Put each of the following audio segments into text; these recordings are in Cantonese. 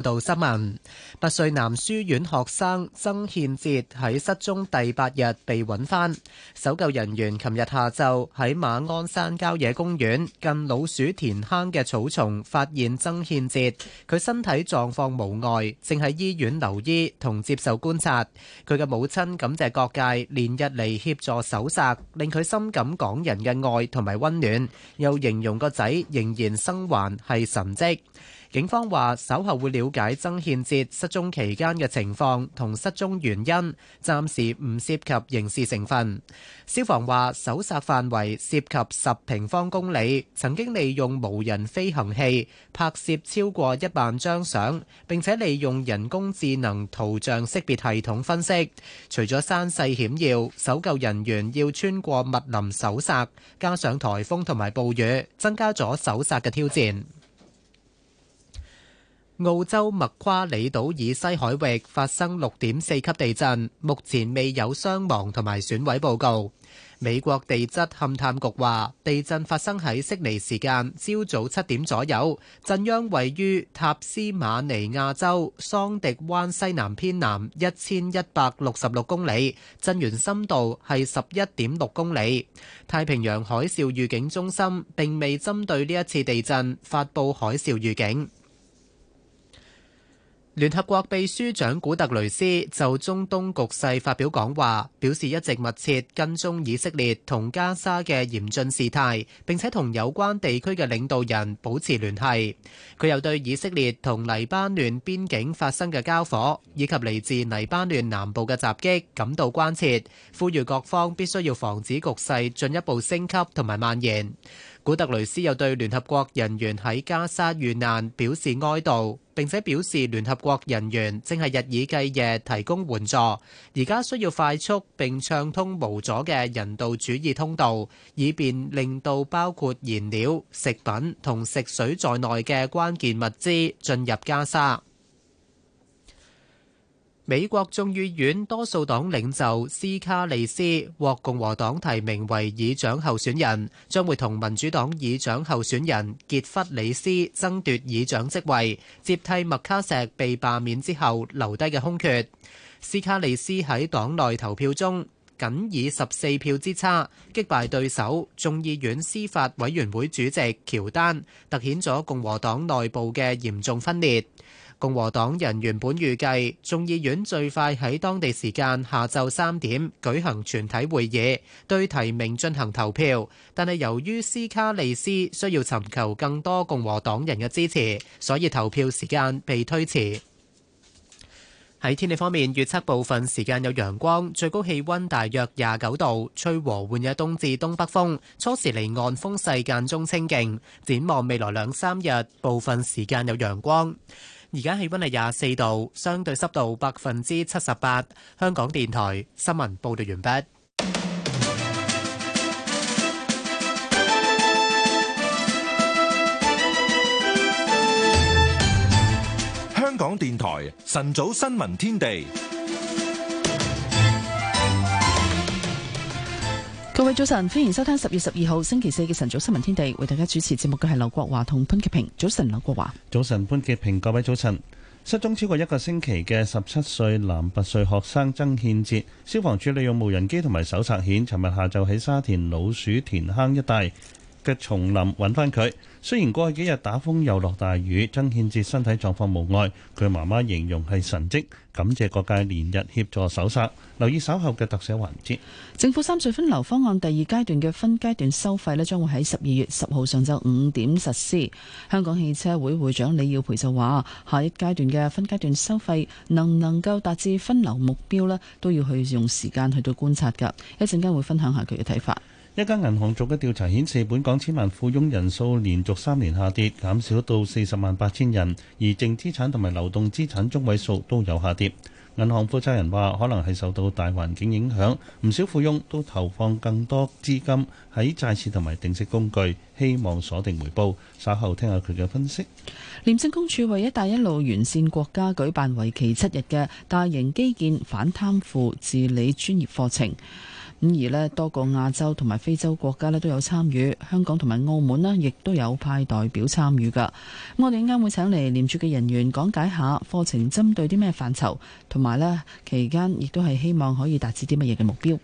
報道新聞，八歲男書院學生曾憲哲喺失蹤第八日被揾返。搜救人員琴日下晝喺馬鞍山郊野公園近老鼠田坑嘅草叢發現曾憲哲，佢身體狀況無礙，正喺醫院留醫同接受觀察。佢嘅母親感謝各界連日嚟協助搜查，令佢深感港人嘅愛同埋溫暖，又形容個仔仍然生還係神蹟。警方話：稍後會了解曾憲哲失蹤期間嘅情況同失蹤原因，暫時唔涉及刑事成分。消防話：搜查範圍涉及十平方公里，曾經利用無人飛行器拍攝超過一萬張相，並且利用人工智能圖像識別系統分析。除咗山勢險要，搜救人員要穿過密林搜查，加上颱風同埋暴雨，增加咗搜查嘅挑戰。澳洲麥夸里島以西海域發生六點四級地震，目前未有傷亡同埋損毀報告。美國地質勘探局話，地震發生喺悉尼時間朝早七點左右，震央位於塔斯馬尼亞州桑迪灣西南偏南一千一百六十六公里，震源深度係十一點六公里。太平洋海嘯預警中心並未針對呢一次地震發布海嘯預警。聯合國秘書長古特雷斯就中東局勢發表講話，表示一直密切跟蹤以色列同加沙嘅嚴峻事態，並且同有關地區嘅領導人保持聯繫。佢又對以色列同黎巴嫩邊境發生嘅交火，以及嚟自黎巴嫩南部嘅襲擊感到關切，呼籲各方必須要防止局勢進一步升級同埋蔓延。古特雷斯又對聯合國人員喺加沙遇難表示哀悼。並且表示，聯合國人員正係日以繼夜提供援助，而家需要快速並暢通無阻嘅人道主義通道，以便令到包括燃料、食品同食水在內嘅關鍵物資進入加沙。美國眾議院多數黨領袖斯卡利斯獲共和黨提名為議長候選人，將會同民主黨議長候選人傑弗里斯爭奪議長職位，接替麥卡錫被罷免之後留低嘅空缺。斯卡利斯喺黨內投票中僅以十四票之差擊敗對手，眾議院司法委員會主席喬丹，凸顯咗共和黨內部嘅嚴重分裂。共和黨人原本預計眾議院最快喺當地時間下晝三點舉行全體會議，對提名進行投票。但係由於斯卡利斯需要尋求更多共和黨人嘅支持，所以投票時間被推遲。喺天氣方面，預測部分時間有陽光，最高氣溫大約廿九度，吹和緩嘅東至東北風。初時離岸風勢間中清勁。展望未來兩三日，部分時間有陽光。而家氣溫係廿四度，相對濕度百分之七十八。香港電台新聞報道完畢。香港電台晨早新聞天地。各位早晨，歡迎收聽十月十二號星期四嘅晨早新聞天地。為大家主持節目嘅係劉國華同潘潔平。早晨，劉國華。早晨，潘潔平。各位早晨。失蹤超過一個星期嘅十七歲男拔萃學生曾憲哲，消防處利用無人機同埋搜查犬，尋日下晝喺沙田老鼠田坑一帶。嘅叢林揾翻佢，雖然過去幾日打風又落大雨，曾憲志身體狀況無礙，佢媽媽形容係神蹟，感謝各界連日協助搜殺，留意稍後嘅特寫環節。政府三隧分流方案第二階段嘅分階段收費咧，將會喺十二月十號上晝五點實施。香港汽車會會長李耀培就話下一階段嘅分階段收費能唔能夠達至分流目標咧，都要去用時間去到觀察噶。一陣間會分享下佢嘅睇法。一間銀行做嘅調查顯示，本港千萬富翁人數連續三年下跌，減少到四十萬八千人，而淨資產同埋流動資產中位數都有下跌。銀行負責人話：可能係受到大環境影響，唔少富翁都投放更多資金喺債市同埋定息工具，希望鎖定回報。稍後聽下佢嘅分析。廉政公署為「一帶一路」沿線國家舉辦，為期七日嘅大型基建反貪腐治理專業課程。咁而咧，多個亞洲同埋非洲國家咧都有參與，香港同埋澳門咧亦都有派代表參與噶。我哋啱會請嚟廉署嘅人員講解下課程針對啲咩範疇，同埋咧期間亦都係希望可以達至啲乜嘢嘅目標。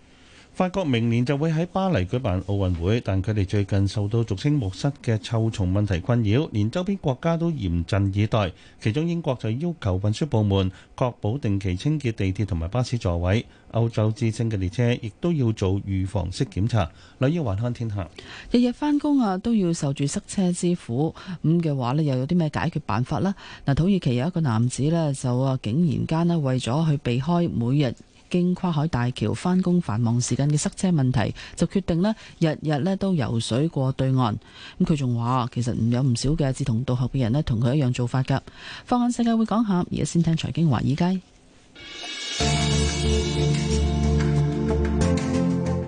法國明年就會喺巴黎舉辦奧運會，但佢哋最近受到俗稱木虱嘅臭蟲問題困擾，連周邊國家都嚴陣以待。其中英國就要求運輸部門確保定期清潔地鐵同埋巴士座位，歐洲之星嘅列車亦都要做預防式檢查。李依環看天下，日日翻工，啊都要受住塞車之苦，咁嘅話呢，又有啲咩解決辦法咧？嗱，土耳其有一個男子呢，就啊，竟然間咧為咗去避開每日經跨海大橋返工繁忙時間嘅塞車問題，就決定咧日日咧都游水過對岸。咁佢仲話，其實唔有唔少嘅志同道合嘅人咧，同佢一樣做法㗎。放眼世界會講下，而家先聽財經華爾街。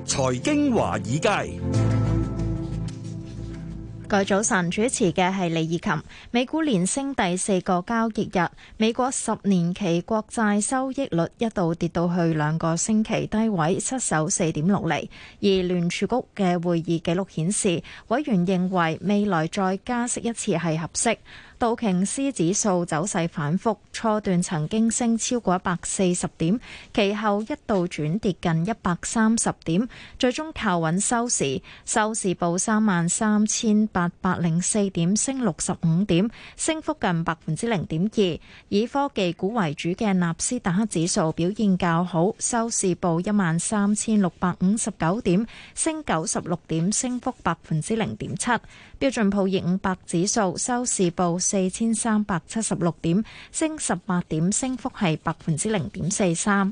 財經華爾街。各位早晨，主持嘅係李以琴。美股連升第四個交易日，美國十年期國債收益率一度跌到去兩個星期低位，失守四點六厘。而聯儲局嘅會議記錄顯示，委員認為未來再加息一次係合適。道瓊斯指數走勢反覆，初段曾經升超過一百四十點，其後一度轉跌近一百三十點，最終靠穩收市，收市報三萬三千八百零四點，升六十五點，升幅近百分之零點二。以科技股為主嘅納斯達克指數表現較好，收市報一萬三千六百五十九點，升九十六點，升幅百分之零點七。標準普爾五百指數收市報，四千三百七十六點，升十八點，升幅係百分之零點四三。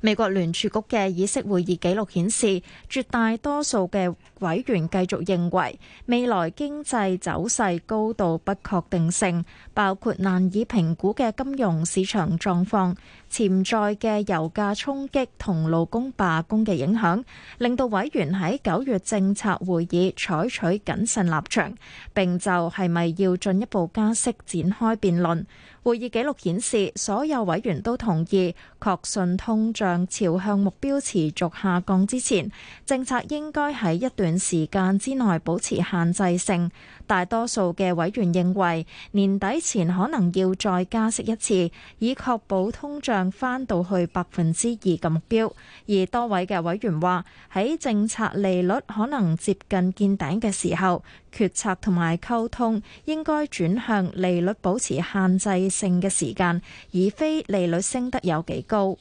美國聯儲局嘅議息會議紀錄顯示，絕大多數嘅委員繼續認為未來經濟走勢高度不確定性，包括難以評估嘅金融市場狀況。潛在嘅油價衝擊同勞工罷工嘅影響，令到委員喺九月政策會議採取謹慎立場，並就係咪要進一步加息，展開辯論。會議紀錄顯示，所有委員都同意確信通脹朝向目標持續下降之前，政策應該喺一段時間之內保持限制性。大多數嘅委員認為年底前可能要再加息一次，以確保通脹翻到去百分之二嘅目標。而多位嘅委員話，喺政策利率可能接近見頂嘅時候，決策同埋溝通應該轉向利率保持限制性嘅時間，而非利率升得有幾高。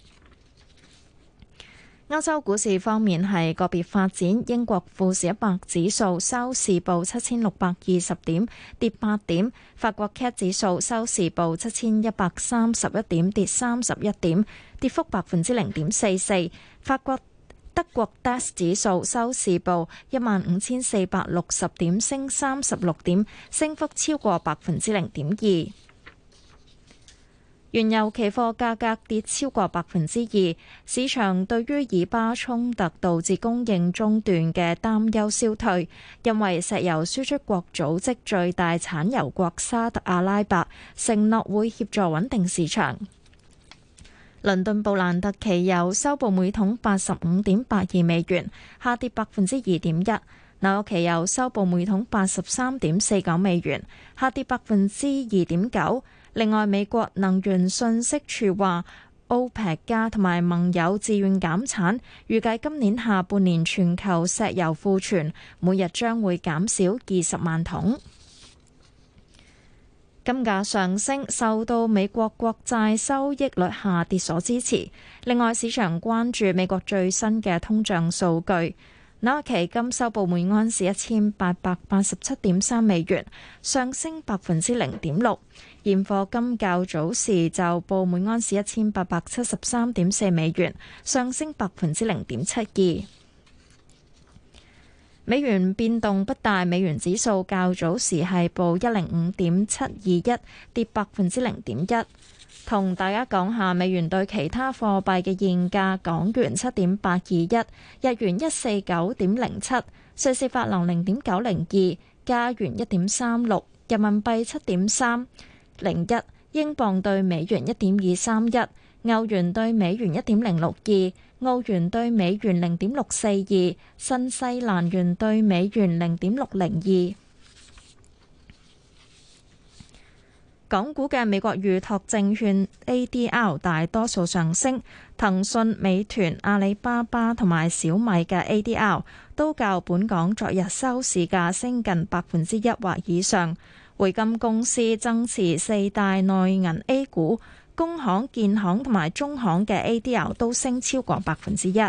歐洲股市方面係個別發展，英國富時一百指數收市報七千六百二十點，跌八點；法國 cat 指數收市報七千一百三十一點，跌三十一點，跌幅百分之零點四四。法國、德國 Dax 指數收市報一萬五千四百六十點，升三十六點，升幅超過百分之零點二。原油期貨價格跌超過百分之二，市場對於以巴衝突導致供應中斷嘅擔憂消退，因為石油輸出國組織最大產油國沙特阿拉伯承諾會協助穩定市場。倫敦布蘭特期油收報每桶八十五點八二美元，下跌百分之二點一；紐約期油收報每桶八十三點四九美元，下跌百分之二點九。另外，美國能源信息處話，OPEC 加同埋盟友自願減產，預計今年下半年全球石油庫存每日將會減少二十萬桶。金價上升，受到美國國債收益率下跌所支持。另外，市場關注美國最新嘅通脹數據。紐約期金收報每安士一千八百八十七點三美元，上升百分之零點六。現貨金較早時就報每安士一千八百七十三點四美元，上升百分之零點七二。美元變動不大，美元指數較早時係報一零五點七二一，跌百分之零點一。同大家講下美元對其他貨幣嘅現價：港元七點八二一，日元一四九點零七，瑞士法郎零點九零二，加元一點三六，人民幣七點三。零一英鎊兌美元一點二三一，歐元兌美元一點零六二，澳元兌美元零點六四二，新西蘭元兌美元零點六零二。港股嘅美國預託證券 ADR 大多數上升，騰訊、美團、阿里巴巴同埋小米嘅 ADR 都較本港昨日收市價升近百分之一或以上。匯金公司增持四大內銀 A 股，工行、建行同埋中行嘅 ADR 都升超過百分之一。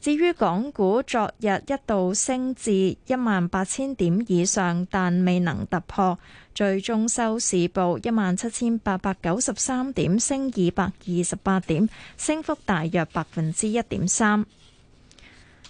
至於港股，昨日一度升至一萬八千點以上，但未能突破，最終收市報一萬七千八百九十三點，升二百二十八點，升幅大約百分之一點三。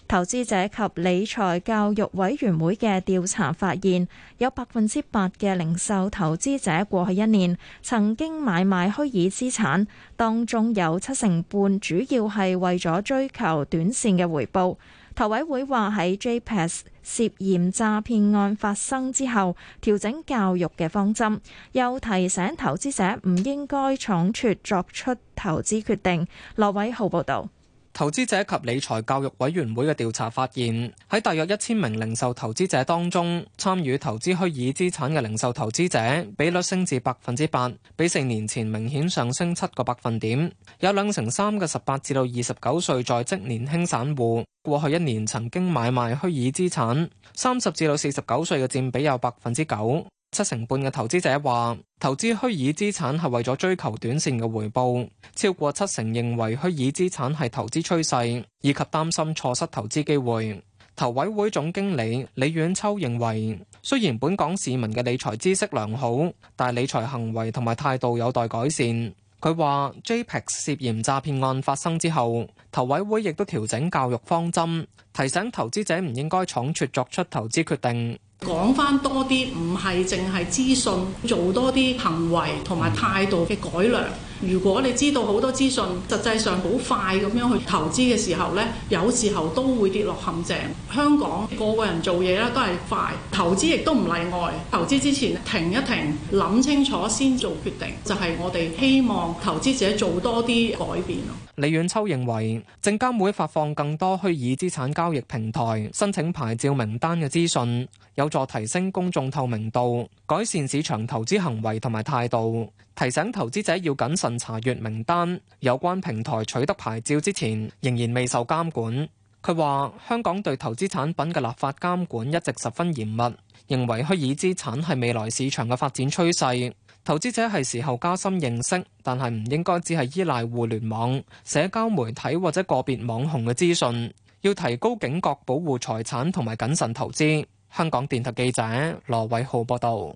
投資者及理財教育委員會嘅調查發現，有百分之八嘅零售投資者過去一年曾經買賣虛擬資產，當中有七成半主要係為咗追求短線嘅回報。投委會話喺 JPEX 涉嫌詐騙案發生之後，調整教育嘅方針，又提醒投資者唔應該倉促作出投資決定。羅偉浩報導。投資者及理財教育委員會嘅調查發現，喺大約一千名零售投資者當中，參與投資虛擬資產嘅零售投資者比率升至百分之八，比四年前明顯上升七個百分點。有兩成三嘅十八至到二十九歲在職年輕散戶，過去一年曾經買賣虛擬資產。三十至到四十九歲嘅佔比有百分之九。七成半嘅投資者話，投資虛擬資產係為咗追求短線嘅回報。超過七成認為虛擬資產係投資趨勢，以及擔心錯失投資機會。投委會總經理李遠秋認為，雖然本港市民嘅理財知識良好，但理財行為同埋態度有待改善。佢話 JPEX 涉嫌詐騙案發生之後，投委會亦都調整教育方針，提醒投資者唔應該倉促作出投資決定。講翻多啲，唔係淨係資訊，做多啲行為同埋態度嘅改良。如果你知道好多資訊，實際上好快咁樣去投資嘅時候呢，有時候都會跌落陷阱。香港個個人做嘢咧都係快，投資亦都唔例外。投資之前停一停，諗清楚先做決定，就係我哋希望投資者做多啲改變。李遠秋認為證監會發放更多虛擬資產交易平台申請牌照名單嘅資訊，有助提升公眾透明度，改善市場投資行為同埋態度。提醒投資者要謹慎查閱名單。有關平台取得牌照之前，仍然未受監管。佢話香港對投資產品嘅立法監管一直十分嚴密，認為虛擬資產係未來市場嘅發展趨勢。投資者係時候加深認識，但係唔應該只係依賴互聯網、社交媒體或者個別網紅嘅資訊，要提高警覺，保護財產同埋謹慎投資。香港電台記者羅偉浩報道，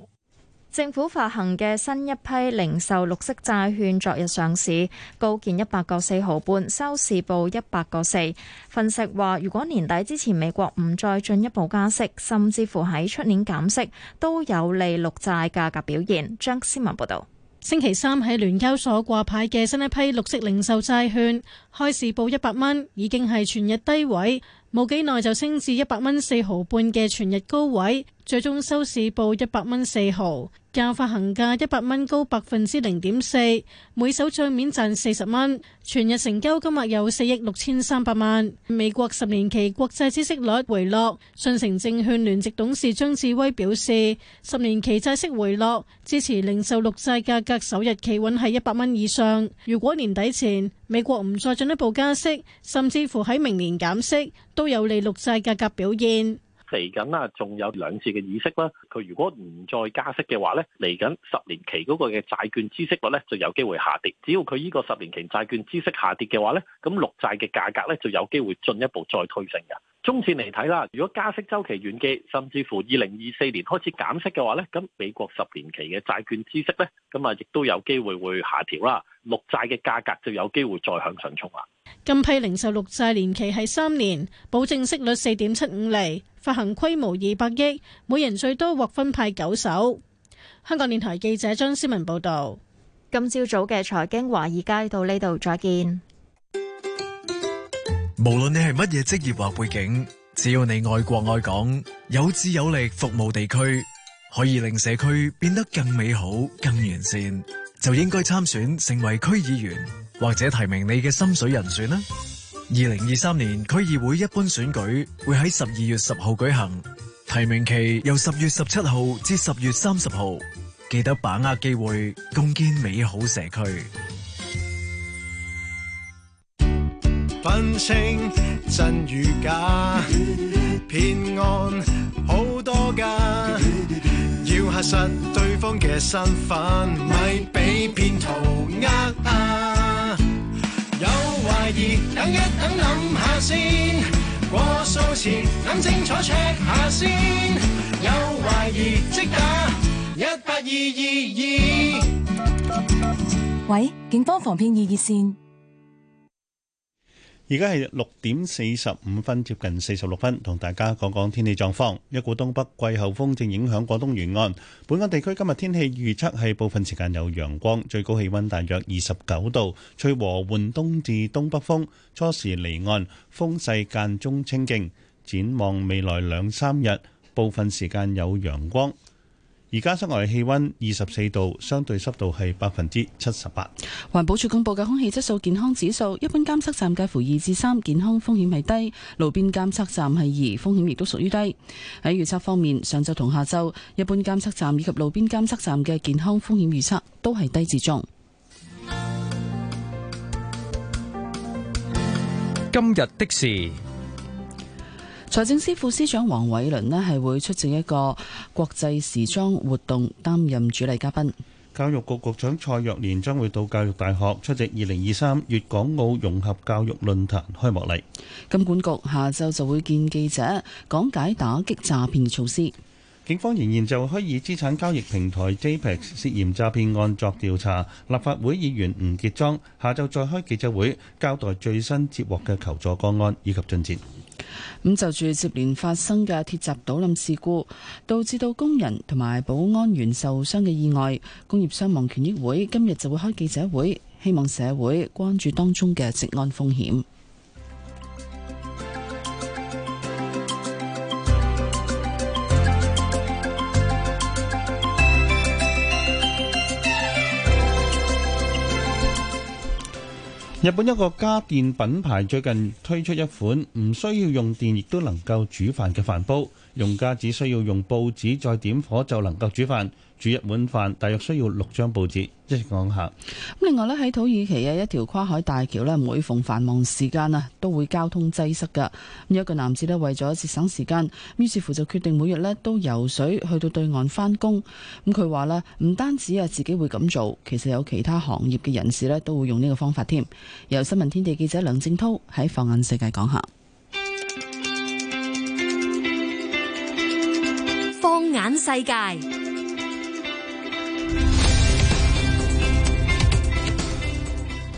政府發行嘅新一批零售綠色債券昨日上市，高見一百個四毫半，收市報一百個四。分析話，如果年底之前美國唔再進一步加息，甚至乎喺出年減息，都有利綠債價格表現。張思文報道，星期三喺聯交所掛牌嘅新一批綠色零售債券，開市報一百蚊，已經係全日低位。冇幾耐就升至一百蚊四毫半嘅全日高位。最終收市報一百蚊四毫，較發行價一百蚊高百分之零點四，每手賬面賺四十蚊。全日成交金額有四億六千三百萬。美國十年期國債息率回落，信誠證券聯席董事張智威表示，十年期債息回落支持零售綠債價格首日企穩喺一百蚊以上。如果年底前美國唔再進一步加息，甚至乎喺明年減息，都有利綠債價格,格表現。嚟緊啊，仲有兩次嘅議息啦。佢如果唔再加息嘅話咧，嚟緊十年期嗰個嘅債券孳息率咧，就有機會下跌。只要佢呢個十年期債券孳息下跌嘅話咧，咁綠債嘅價格咧就有機會進一步再推升嘅。中線嚟睇啦，如果加息週期遠嘅，甚至乎二零二四年開始減息嘅話咧，咁美國十年期嘅債券孳息咧，咁啊亦都有機會會下跌啦。綠債嘅價格就有機會再向上衝啊！今批零售綠債年期係三年，保證息率四點七五厘，發行規模二百億，每人最多獲分派九手。香港電台記者張思文報道。今朝早嘅財經華爾街到呢度再見。無論你係乜嘢職業或背景，只要你愛國愛港，有志有力服務地區，可以令社區變得更美好、更完善，就應該參選成為區議員。或者提名你嘅心水人選啦。二零二三年區議會一般選舉會喺十二月十號舉行，提名期由十月十七號至十月三十號，記得把握機會，共建美好社區。分清真與假，騙案 好多家， 要核實對方嘅身份，咪俾騙徒呃啊！有懷疑，等一等，諗下先。過數前，諗清楚 check 下先。有懷疑，即打一八二二二。喂，警方防騙二熱線。而家係六點四十五分，接近四十六分，同大家講講天氣狀況。一股東北季候風正影響廣東沿岸，本港地區今日天，天氣預測係部分時間有陽光，最高氣温大約二十九度，吹和緩東至東北風，初時離岸，風勢間中清勁。展望未來兩三日，部分時間有陽光。而家室外嘅氣溫二十四度，相對濕度係百分之七十八。環保署公布嘅空氣質素健康指數，一般監測站介乎二至三，健康風險係低；路邊監測站係二，風險亦都屬於低。喺預測方面，上晝同下晝，一般監測站以及路邊監測站嘅健康風險預測都係低至中。今日的事。財政司副司長黃偉綸呢，係會出席一個國際時裝活動，擔任主禮嘉賓。教育局局長蔡若蓮將會到教育大學出席二零二三粵港澳融合教育論壇開幕禮。金管局下晝就會見記者，講解打擊詐騙嘅措施。警方仍然就虛擬資產交易平台 JPEX 涉嫌詐騙案作調查。立法會議員吳傑莊下晝再開記者會，交代最新接獲嘅求助個案以及進展。咁就住接連發生嘅鐵閘倒冧事故，導致到工人同埋保安員受傷嘅意外，工業傷亡權益會今日就會開記者會，希望社會關注當中嘅職安風險。日本一個家電品牌最近推出一款唔需要用電，亦都能夠煮飯嘅飯煲。用家只需要用報紙再點火，就能夠煮飯。煮一碗飯，大約需要六張報紙。一講下。另外呢，喺土耳其嘅一條跨海大橋咧，每逢繁忙時間啊，都會交通擠塞嘅。有一個男子咧，為咗節省時間，於是乎就決定每日咧都游水去到對岸返工。咁佢話啦，唔單止啊自己會咁做，其實有其他行業嘅人士咧都會用呢個方法添。由新聞天地記者梁正濤喺放眼世界講下。眼世界。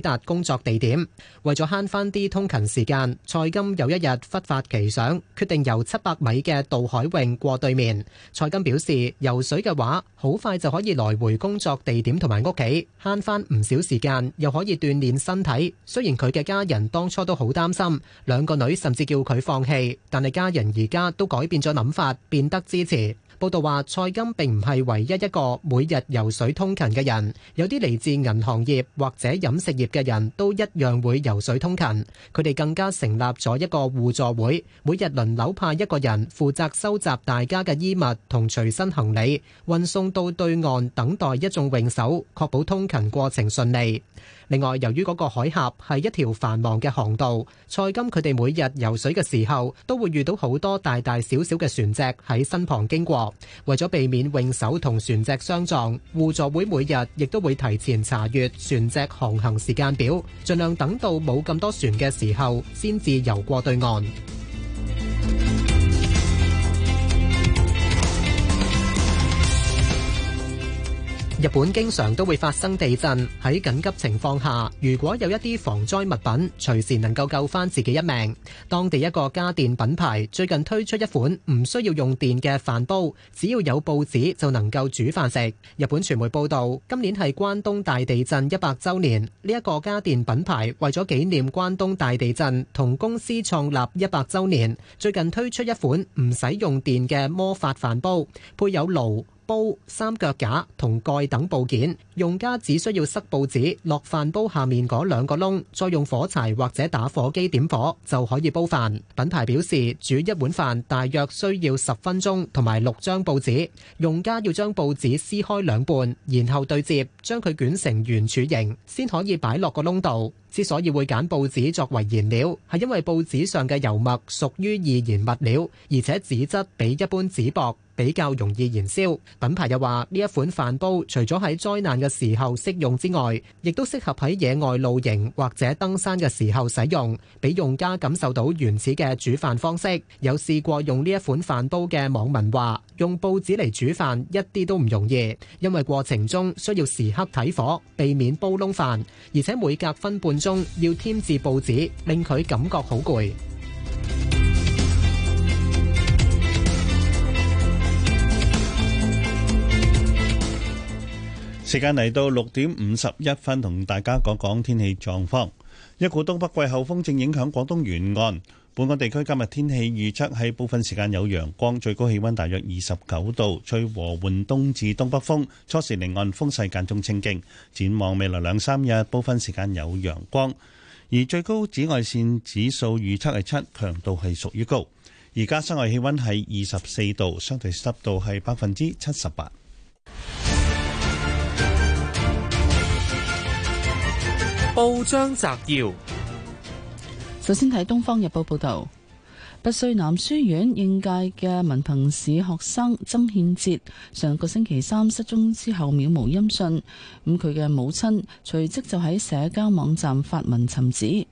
達工作地點，為咗慳翻啲通勤時間，蔡金有一日忽發奇想，決定由七百米嘅渡海泳過對面。蔡金表示，游水嘅話好快就可以來回工作地點同埋屋企，慳翻唔少時間，又可以鍛煉身體。雖然佢嘅家人當初都好擔心，兩個女甚至叫佢放棄，但係家人而家都改變咗諗法，變得支持。報道話：蔡金並唔係唯一一個每日游水通勤嘅人，有啲嚟自銀行業或者飲食業嘅人都一樣會游水通勤。佢哋更加成立咗一個互助會，每日輪流派一個人負責收集大家嘅衣物同隨身行李，運送到對岸等待一眾泳手，確保通勤過程順利。另外，由於嗰個海峽係一條繁忙嘅航道，蔡金佢哋每日游水嘅時候，都會遇到好多大大小小嘅船隻喺身旁經過。為咗避免泳手同船隻相撞，互助會每日亦都會提前查閱船隻航行時間表，盡量等到冇咁多船嘅時候先至游過對岸。日本經常都會發生地震，喺緊急情況下，如果有一啲防災物品，隨時能夠救翻自己一命。當地一個家電品牌最近推出一款唔需要用電嘅飯煲，只要有報紙就能夠煮飯食。日本傳媒報道，今年係關東大地震一百週年，呢一個家電品牌為咗紀念關東大地震同公司創立一百週年，最近推出一款唔使用電嘅魔法飯煲，配有爐、煲三腳架同蓋等部件，用家只需要塞報紙落飯煲下面嗰兩個窿，再用火柴或者打火機點火就可以煲飯。品牌表示煮一碗飯大約需要十分鐘同埋六張報紙，用家要將報紙撕開兩半，然後對接將佢捲成圓柱形，先可以擺落個窿度。之所以會揀報紙作為燃料，係因為報紙上嘅油墨屬於易燃物料，而且紙質比一般紙薄。比較容易燃燒，品牌又話，呢一款飯煲除咗喺災難嘅時候適用之外，亦都適合喺野外露營或者登山嘅時候使用，俾用家感受到原始嘅煮飯方式。有試過用呢一款飯煲嘅網民話，用報紙嚟煮飯一啲都唔容易，因為過程中需要時刻睇火，避免煲窿飯，而且每隔分半鐘要添置報紙，令佢感覺好攰。時間嚟到六點五十一分，同大家講講天氣狀況。一股東北季候風正影響廣東沿岸，本港地區今日天氣預測喺部分時間有陽光，最高氣溫大約二十九度，吹和緩東至東北風，初時離岸風勢間中清勁。展望未來兩三日，部分時間有陽光，而最高紫外線指數預測係七，強度係屬於高。而家室外氣温係二十四度，相對濕度係百分之七十八。報章摘要：首先睇《東方日報，報導》報道，拔萃男書院應屆嘅文憑試學生曾憲哲上個星期三失蹤之後，渺無音訊。咁佢嘅母親隨即就喺社交網站發文尋子。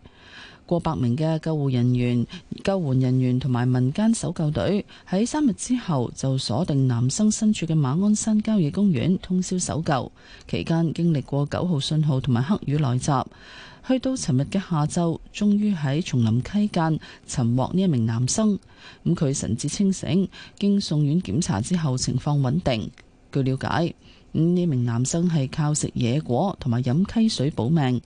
過百名嘅救護人員、救援人員同埋民間搜救隊喺三日之後就鎖定男生身處嘅馬鞍山郊野公園通宵搜救，期間經歷過九號信號同埋黑雨來襲，去到尋日嘅下晝，終於喺叢林溪間尋獲呢一名男生。咁，嗯，佢神志清醒，經送院檢查之後情況穩定。據了解，呢，嗯，名男生係靠食野果同埋飲溪水保命。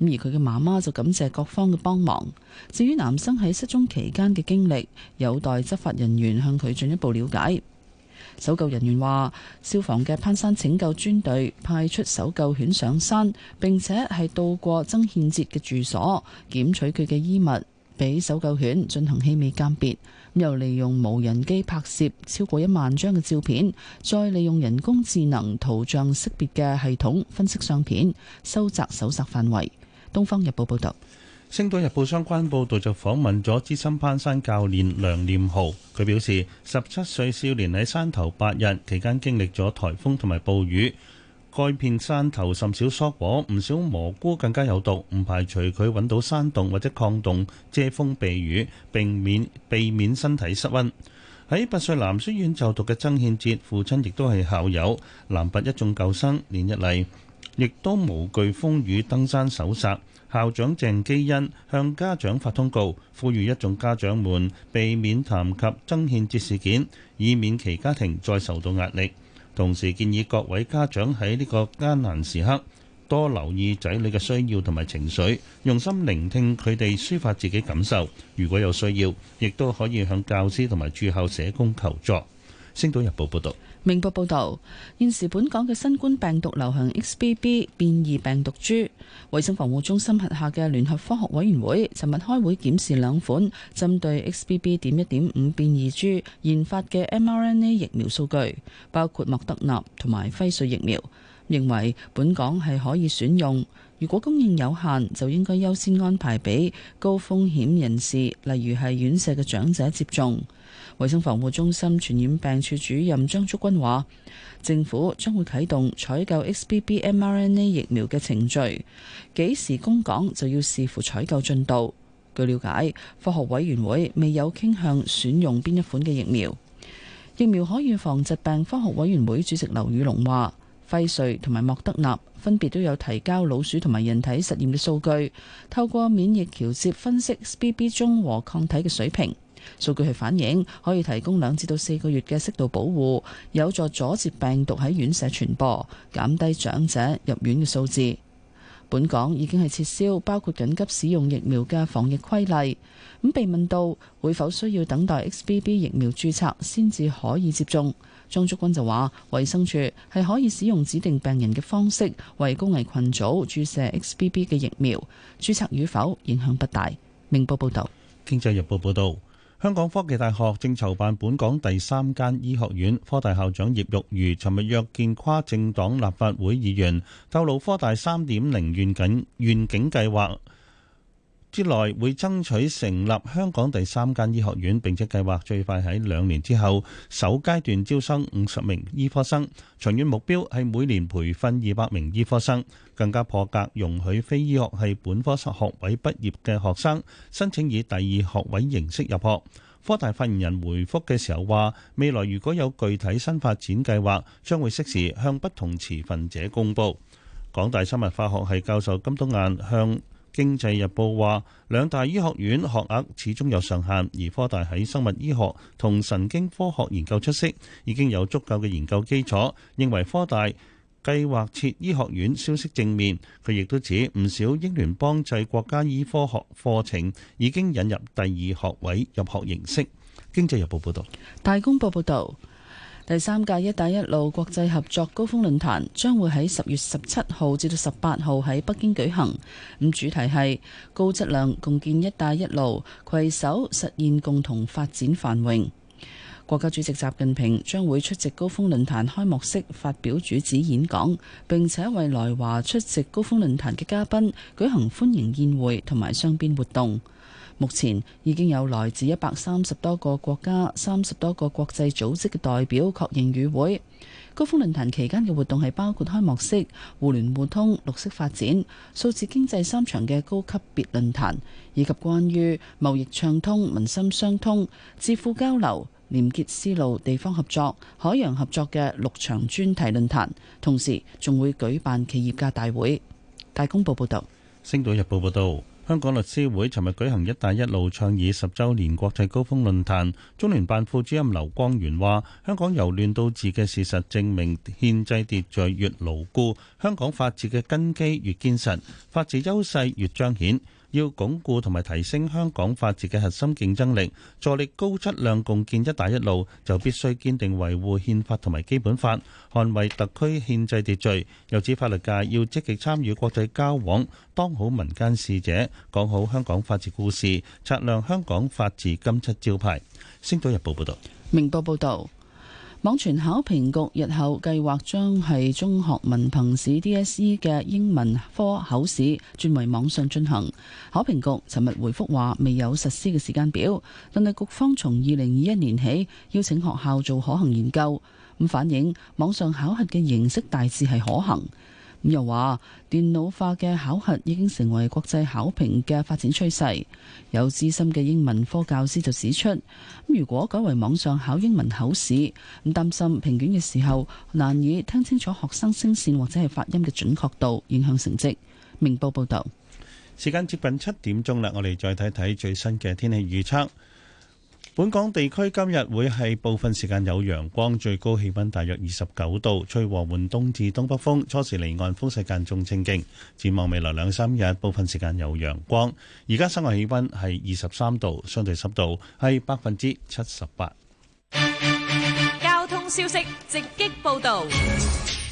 咁而佢嘅媽媽就感謝各方嘅幫忙。至於男生喺失蹤期間嘅經歷，有待執法人員向佢進一步了解。搜救人員話，消防嘅攀山拯救專隊派出搜救犬上山，並且係到過曾獻捷嘅住所，檢取佢嘅衣物，俾搜救犬進行氣味鑑別。又利用無人機拍攝超過一萬張嘅照片，再利用人工智能圖像識別嘅系統分析相片，收窄搜索範圍。《東方日報》報導，《星島日報》相關報導就訪問咗資深攀山教練梁念豪，佢表示，十七歲少年喺山頭八日期間經歷咗颱風同埋暴雨，該片山頭甚少蔬果，唔少蘑菇更加有毒，唔排除佢揾到山洞或者礦洞遮風避雨，避免避免身體失溫。喺八歲南書院就讀嘅曾憲哲，父親亦都係校友，南拔一眾救生練一例。亦都無懼風雨登山搜索。校長鄭基恩向家長發通告，呼籲一眾家長們避免談及曾憲捷事件，以免其家庭再受到壓力。同時建議各位家長喺呢個艱難時刻多留意仔女嘅需要同埋情緒，用心聆聽佢哋抒發自己感受。如果有需要，亦都可以向教師同埋駐校社工求助。星島日報報道，明報報道，現時本港嘅新冠病毒流行 XBB 變異病毒株，衛生防護中心轄下嘅聯合科學委員會尋日開會檢視兩款針對 XBB. 點一點五變異株研發嘅 mRNA 疫苗數據，包括莫德納同埋輝瑞疫苗，認為本港係可以選用，如果供應有限，就應該優先安排俾高風險人士，例如係院舍嘅長者接種。衛生防護中心傳染病處主任張竹君話：，政府將會啟動採購 XBB mRNA 疫苗嘅程序，幾時供港就要視乎採購進度。據了解，科學委員會未有傾向選用邊一款嘅疫苗。疫苗可預防疾病科學委員會主席劉宇龍話：，輝瑞同埋莫德納分別都有提交老鼠同埋人體實驗嘅數據，透過免疫橋接分析 XBB 中和抗體嘅水平。數據係反映可以提供兩至到四個月嘅適度保護，有助阻截病毒喺院舍傳播，減低長者入院嘅數字。本港已經係撤銷包括緊急使用疫苗嘅防疫規例。咁被問到會否需要等待 XBB 疫苗註冊先至可以接種，張竹君就話：，衛生署係可以使用指定病人嘅方式為高危群組注射 XBB 嘅疫苗，註冊與否影響不大。明報報道。經濟日報報道。香港科技大學正籌辦本港第三間醫學院，科大校長葉玉如尋日約見跨政黨立法會議員，透露科大「三點零」願景願景計劃。之內會爭取成立香港第三間醫學院，並且計劃最快喺兩年之後首階段招生五十名醫科生，長遠目標係每年培訓二百名醫科生，更加破格容許非醫學系本科學位畢業嘅學生申請以第二學位形式入學。科大發言人回覆嘅時候話，未來如果有具體新發展計劃，將會適時向不同持份者公佈。港大生物化學系教授金冬雁向經濟日報話，兩大醫學院學額始終有上限，而科大喺生物醫學同神經科學研究出色，已經有足夠嘅研究基礎，認為科大計劃設醫學院消息正面。佢亦都指唔少英聯邦制國家醫科學課程已經引入第二學位入學形式。經濟日報報道，大公報報道。第三屆「一帶一路」國際合作高峰論壇將會喺十月十七號至到十八號喺北京舉行，咁主題係高質量共建「一帶一路」，攜手實現共同發展繁榮。國家主席習近平將會出席高峰論壇開幕式，發表主旨演講，並且為來華出席高峰論壇嘅嘉賓舉行歡迎宴會同埋雙邊活動。目前已經有來自一百三十多個國家、三十多個國際組織嘅代表確認與會。高峰論壇期間嘅活動係包括開幕式、互聯互通、綠色發展、數字經濟三場嘅高級別論壇，以及關於貿易暢通、民心相通、智庫交流、廉潔絲路、地方合作、海洋合作嘅六場專題論壇。同時，仲會舉辦企業家大會。大公報報道。星島日報報道。香港律師會尋日舉行「一帶一路」倡議十週年國際高峰論壇，中聯辦副主任劉光源話：香港由亂到治嘅事實證明，憲制秩序越牢固，香港法治嘅根基越堅實，法治優勢越彰顯。要鞏固同埋提升香港法治嘅核心競爭力，助力高質量共建“一帶一路”，就必須堅定維護憲法同埋基本法，捍衛特區憲制秩序。又指法律界要積極參與國際交往，當好民間使者，講好香港法治故事，擦亮香港法治金字招牌。星島日報報道。明報報道。網傳考評局日後計劃將係中學文憑試 DSE 嘅英文科考試轉為網上進行。考評局尋日回覆話，未有實施嘅時間表，但係局方從二零二一年起邀請學校做可行研究，咁反映網上考核嘅形式大致係可行。咁又話電腦化嘅考核已經成為國際考評嘅發展趨勢。有資深嘅英文科教師就指出，如果改為網上考英文考試，咁擔心評卷嘅時候難以聽清楚學生聲線或者係發音嘅準確度，影響成績。明報報道。時間接近七點鐘啦，我哋再睇睇最新嘅天氣預測。本港地區今日會係部分時間有陽光，最高氣溫大約二十九度，吹和緩東至東北風，初時離岸風勢間中清勁。展望未來兩三日，1, 部分時間有陽光。而家室外氣温係二十三度，相對濕度係百分之七十八。交通消息直擊報道。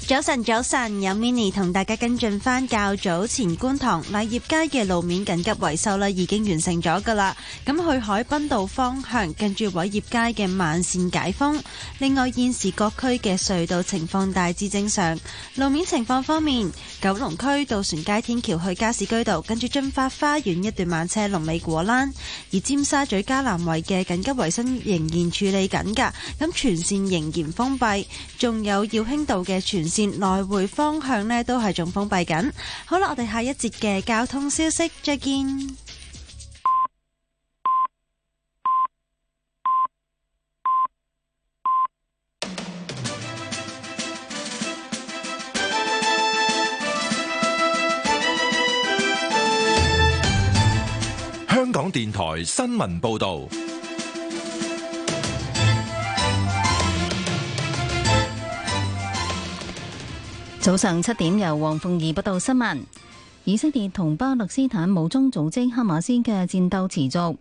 早晨，早晨，有 Minnie 同大家跟進翻較早前觀塘偉業街嘅路面緊急維修啦，已經完成咗噶啦。咁去海濱道方向，近住偉業街嘅慢綫解封。另外，現時各區嘅隧道情況大致正常。路面情況方面，九龍區渡船街天橋去加士居道，跟住進發花園一段慢車龍尾果欄，而尖沙咀加南圍嘅緊急維修仍然處理緊，噶咁全綫仍然封閉，仲有耀興道嘅全。來回方向呢都係仲封閉緊。好啦，我哋下一節嘅交通消息再見。香港電台新聞報道。早上七點由鳳儀，由黃鳳儀報道新聞：以色列同巴勒斯坦武裝組織哈馬斯嘅戰鬥持續，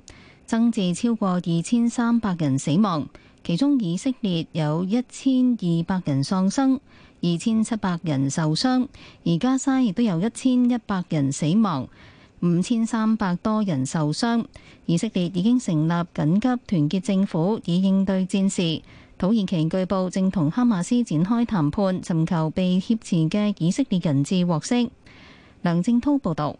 增至超過二千三百人死亡，其中以色列有一千二百人喪生，二千七百人受傷；而加沙亦都有一千一百人死亡，五千三百多人受傷。以色列已經成立緊急團結政府，以應對戰事。土耳其據報正同哈馬斯展開談判，尋求被挾持嘅以色列人質獲釋。梁正濤報道，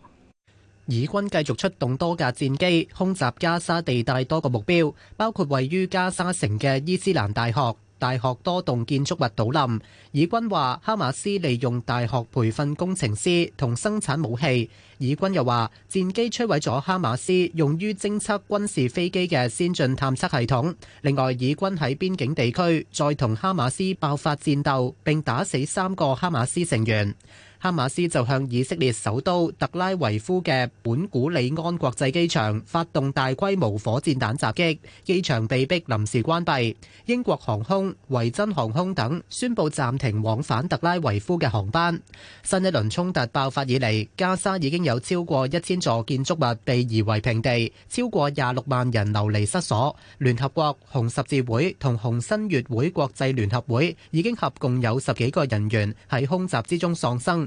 以軍繼續出動多架戰機，空襲加沙地帶多個目標，包括位於加沙城嘅伊斯蘭大學。大學多棟建築物倒冧，以軍話哈馬斯利用大學培訓工程師同生產武器。以軍又話戰機摧毀咗哈馬斯用於偵測軍事飛機嘅先進探測系統。另外，以軍喺邊境地區再同哈馬斯爆發戰鬥，並打死三個哈馬斯成員。哈馬斯就向以色列首都特拉維夫嘅本古里安國際機場發動大規模火箭彈襲擊，機場被迫臨時關閉。英國航空、維珍航空等宣布暫停往返特拉維夫嘅航班。新一輪衝突爆發以嚟，加沙已經有超過一千座建築物被夷為平地，超過廿六萬人流離失所。聯合國、紅十字會同紅新月會國際聯合會已經合共有十幾個人員喺空襲之中喪生。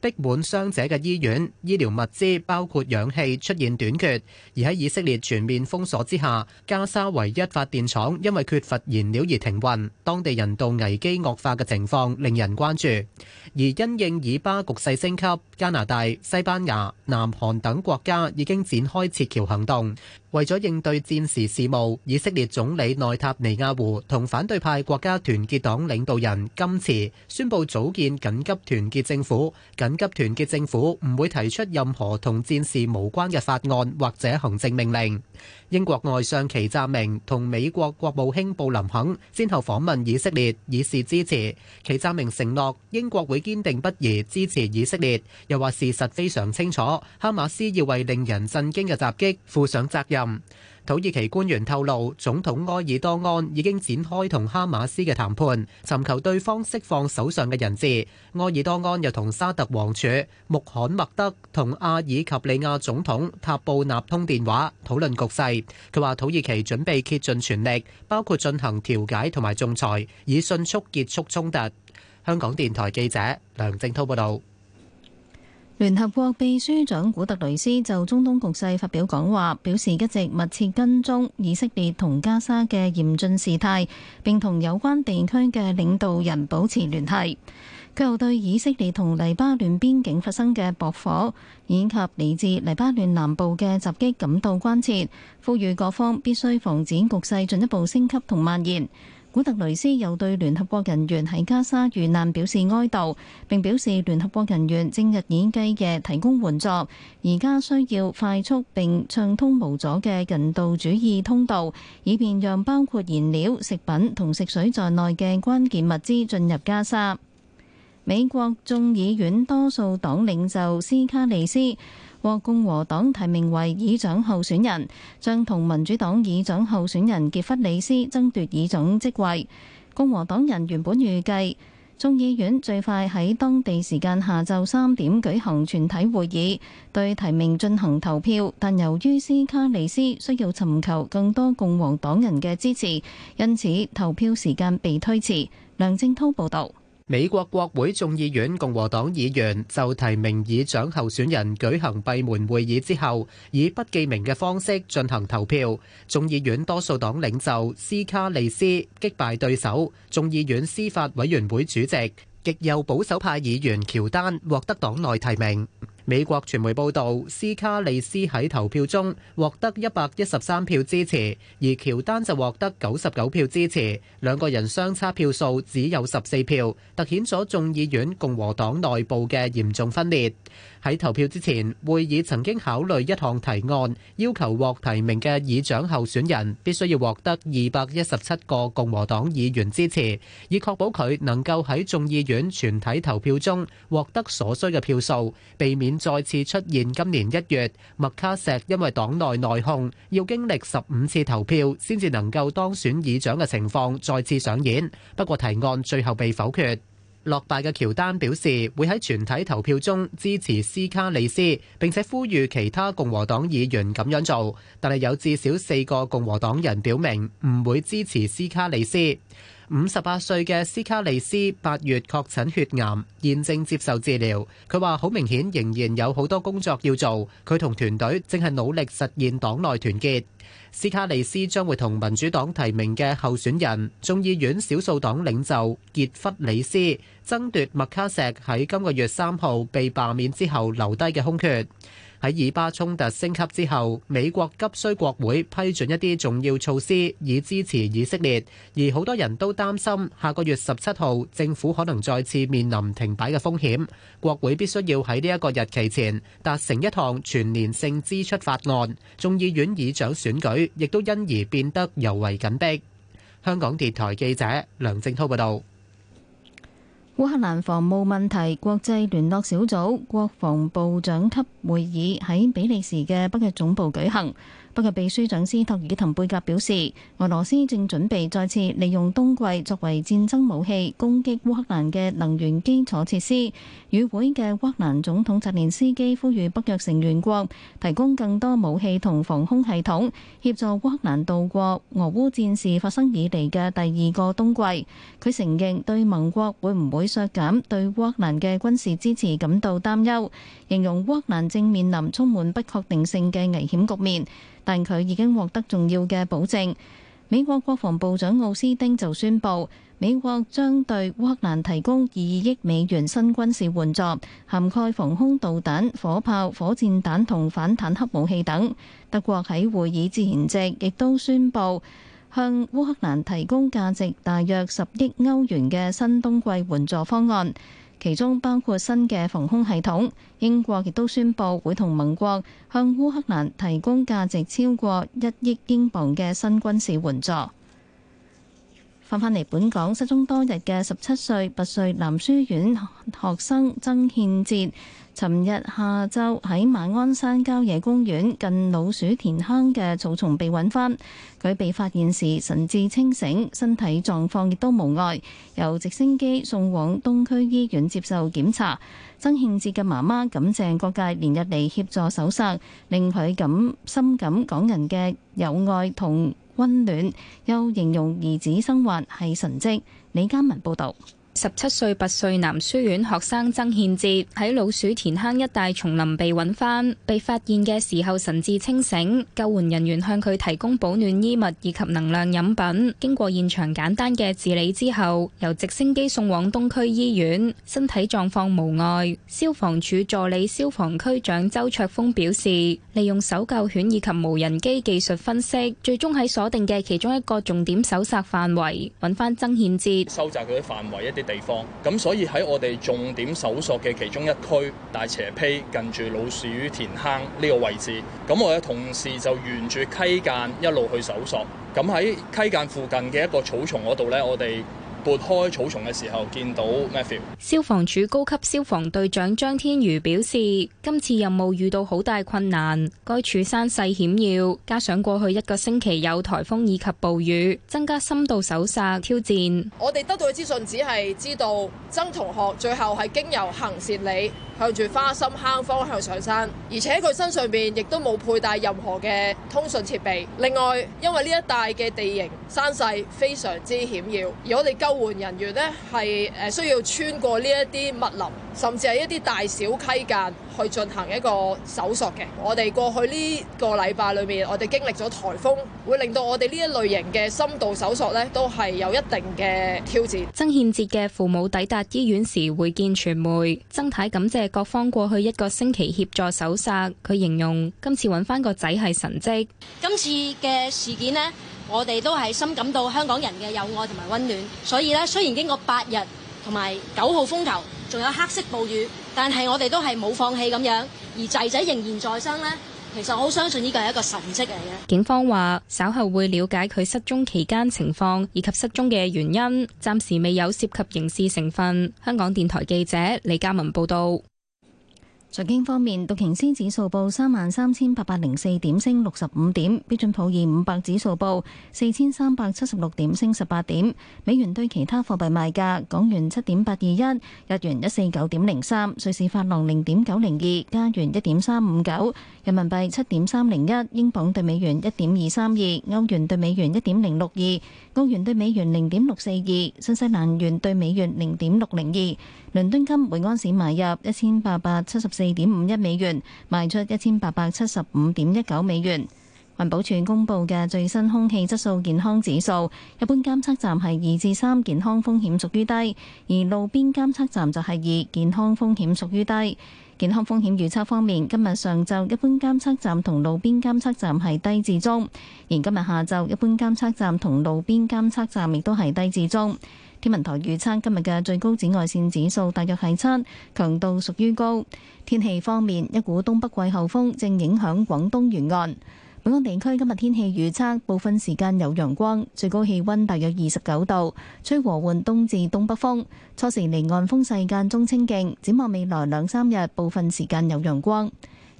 逼滿傷者嘅醫院，醫療物資包括氧氣出現短缺，而喺以色列全面封鎖之下，加沙唯一發電廠因為缺乏燃料而停運，當地人道危機惡化嘅情況令人關注。而因應以巴局勢升級，加拿大、西班牙、南韓等國家已經展開撤僑行動，為咗應對戰時事務，以色列總理內塔尼亞胡同反對派國家團結黨領導人今次宣布組建緊急團結政府。緊急團結政府唔會提出任何同戰事無關嘅法案或者行政命令。英國外相祁湛明同美國國務卿布林肯先後訪問以色列，以示支持。祁湛明承諾，英國會堅定不移支持以色列，又話事實非常清楚，哈馬斯要為令人震驚嘅襲擊負上責任。土耳其官員透露，總統埃爾多安已經展開同哈馬斯嘅談判，尋求對方釋放手上嘅人質。埃爾多安又同沙特王儲穆罕默德同阿爾及利亞總統塔布納通電話，討論局勢。佢話土耳其準備竭盡全力，包括進行調解同埋仲裁，以迅速結束衝突。香港電台記者梁正濤報道。聯合國秘書長古特雷斯就中東局勢發表講話，表示一直密切跟蹤以色列同加沙嘅嚴峻事態，並同有關地區嘅領導人保持聯繫。佢又對以色列同黎巴嫩邊境發生嘅駁火，以及嚟自黎巴嫩南部嘅襲擊感到關切，呼籲各方必須防止局勢進一步升級同蔓延。古特雷斯又對聯合國人員喺加沙遇難表示哀悼，並表示聯合國人員正日以繼夜噉提供援助，而家需要快速並暢通無阻嘅人道主義通道，以便讓包括燃料、食品同食水在內嘅關鍵物資進入加沙。美國眾議院多數黨領袖斯卡利斯共和黨提名為議長候選人，將同民主黨議長候選人杰弗里斯爭奪議長職位。共和黨人原本預計眾議院最快喺當地時間下晝三點舉行全體會議，對提名進行投票，但由於斯卡利斯需要尋求更多共和黨人嘅支持，因此投票時間被推遲。梁正濤報道。，美國國會眾議院共和黨議員就提名議長候選人舉行閉門會議之後，以不記名嘅方式進行投票。眾議院多數黨領袖斯卡利斯擊敗對手，眾議院司法委員會主席、極右保守派議員喬丹獲得黨內提名。美國傳媒報導，斯卡利斯喺投票中獲得一百一十三票支持，而喬丹就獲得九十九票支持，兩個人相差票數只有十四票，突顯咗眾議院共和黨內部嘅嚴重分裂。喺投票之前，會議曾經考慮一項提案，要求獲提名嘅議長候選人必須要獲得二百一十七個共和黨議員支持，以確保佢能夠喺眾議院全體投票中獲得所需嘅票數，避免再次出現今年一月麥卡錫因為黨內內訌要經歷十五次投票先至能夠當選議長嘅情況再次上演。不過提案最後被否決。落敗嘅喬丹表示會喺全體投票中支持斯卡里斯，並且呼籲其他共和黨議員咁樣做。但係有至少四個共和黨人表明唔會支持斯卡里斯。五十八歲嘅斯卡利斯八月確診血癌，現正接受治療。佢話好明顯仍然有好多工作要做，佢同團隊正係努力實現黨內團結。斯卡利斯將會同民主黨提名嘅候選人、眾議院少數黨領袖傑弗里斯爭奪麥卡錫喺今個月三號被罷免之後留低嘅空缺。喺以巴衝突升級之後，美國急需國會批准一啲重要措施以支持以色列，而好多人都擔心下個月十七號政府可能再次面臨停擺嘅風險。國會必須要喺呢一個日期前達成一項全年性支出法案。眾議院議長選舉亦都因而變得尤為緊迫。香港電台記者梁正滔報道。烏克蘭防務問題國際聯絡小組國防部長級會議喺比利時嘅北約總部舉行。北約秘書長斯托爾滕貝格表示，俄羅斯正準備再次利用冬季作為戰爭武器攻擊烏克蘭嘅能源基礎設施。與會嘅烏克蘭總統澤連斯基呼籲北約成員國提供更多武器同防空系統，協助烏克蘭度過俄烏戰事發生以嚟嘅第二個冬季。佢承認對盟國會唔會削減對烏克蘭嘅軍事支持感到擔憂，形容烏克蘭正面臨充滿不確定性嘅危險局面。但佢已經獲得重要嘅保證。美國國防部長奧斯丁就宣布，美國將對烏克蘭提供二億美元新軍事援助，涵蓋防空導彈、火炮、火箭彈同反坦克武器等。德國喺會議之前夕亦都宣布向烏克蘭提供價值大約十億歐元嘅新冬季援助方案。其中包括新嘅防空系統，英國亦都宣布會同盟國向烏克蘭提供價值超過一億英鎊嘅新軍事援助。翻返嚟本港失蹤多日嘅十七歲拔萃男書院學生曾憲哲。昨日下晝喺馬鞍山郊野公園近老鼠田坑嘅草叢被揾翻，佢被發現時神志清醒，身體狀況亦都無礙，由直升機送往東區醫院接受檢查。曾慶智嘅媽媽感謝各界連日嚟協助搜殺，令佢感深感港人嘅友愛同溫暖，又形容兒子生活係神蹟。李嘉文報導。十七歲拔萃男書院學生曾憲哲喺老鼠田坑一帶叢林被揾翻，被發現嘅時候神志清醒。救援人員向佢提供保暖衣物以及能量飲品。經過現場簡單嘅治理之後，由直升機送往東區醫院，身體狀況無礙。消防處助理消防區長周卓峰表示，利用搜救犬以及無人機技術分析，最終喺鎖定嘅其中一個重點搜查範圍揾翻曾憲哲。收集嗰啲範圍一地方咁，所以喺我哋重點搜索嘅其中一區，大斜坡近住老鼠田坑呢個位置，咁我嘅同事就沿住溪澗一路去搜索，咁喺溪澗附近嘅一個草叢嗰度呢，我哋撥開草叢嘅時候，見到 m 消防處高級消防隊長張天如表示，今次任務遇到好大困難，該處山勢險要，加上過去一個星期有颱風以及暴雨，增加深度搜索挑戰。我哋得到嘅資訊只係知道曾同學最後係經由行善里向住花心坑方向上山，而且佢身上邊亦都冇佩戴任何嘅通訊設備。另外，因為呢一帶嘅地形山勢非常之險要，如我哋救援人員咧係誒需要穿過呢一啲密林，甚至係一啲大小溪澗去進行一個搜索嘅。我哋過去呢個禮拜裏面，我哋經歷咗颱風，會令到我哋呢一類型嘅深度搜索呢都係有一定嘅挑戰。曾憲捷嘅父母抵達醫院時會見傳媒，曾太感謝各方過去一個星期協助搜索，佢形容今次揾返個仔係神蹟。今次嘅事件呢。我哋都係深感到香港人嘅友愛同埋温暖，所以呢，雖然經過八日同埋九號風球，仲有黑色暴雨，但係我哋都係冇放棄咁樣，而仔仔仍然在生呢，其實我好相信呢個係一個神跡嚟嘅。警方話稍後會了解佢失蹤期間情況以及失蹤嘅原因，暫時未有涉及刑事成分。香港電台記者李嘉文報道。財經方面，道瓊斯指數報三萬三千八百零四點，升六十五點；標準普爾五百指數報四千三百七十六點，升十八點。美元對其他貨幣賣價，港元七點八二一，日元一四九點零三，瑞士法郎零點九零二，加元一點三五九，人民幣七點三零一，英鎊對美元一點二三二，歐元對美元一點零六二。澳元對美元零點六四二，新西蘭元對美元零點六零二，倫敦金每安士買入一千八百七十四點五一美元，賣出一千八百七十五點一九美元。環保署公布嘅最新空氣質素健康指數，一般監測站係二至三，健康風險屬於低；而路邊監測站就係二，健康風險屬於低。健康風險預測方面，今日上晝一般監測站同路邊監測站係低至中，而今日下晝一般監測站同路邊監測站亦都係低至中。天文台預測今日嘅最高紫外線指數大約係七，強度屬於高。天氣方面，一股東北季候風正影響廣東沿岸。本港地區今日天氣預測，部分時間有陽光，最高氣溫大約二十九度，吹和緩東至東北風，初時離岸風勢間中清勁。展望未來兩三日，部分時間有陽光。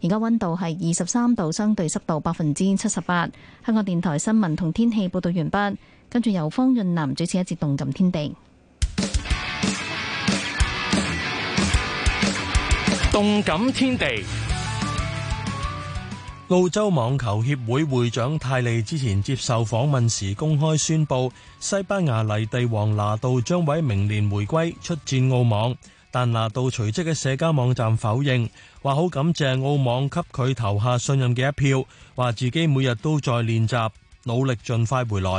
而家溫度係二十三度，相對濕度百分之七十八。香港電台新聞同天氣報道完畢，跟住由方潤南主持一節《動感天地》。《動感天地》澳洲網球協會會長泰利之前接受訪問時公開宣布，西班牙泥地王拿度將喺明年回歸出戰澳網，但拿度隨即喺社交網站否認，話好感謝澳網給佢投下信任嘅一票，話自己每日都在練習，努力盡快回來。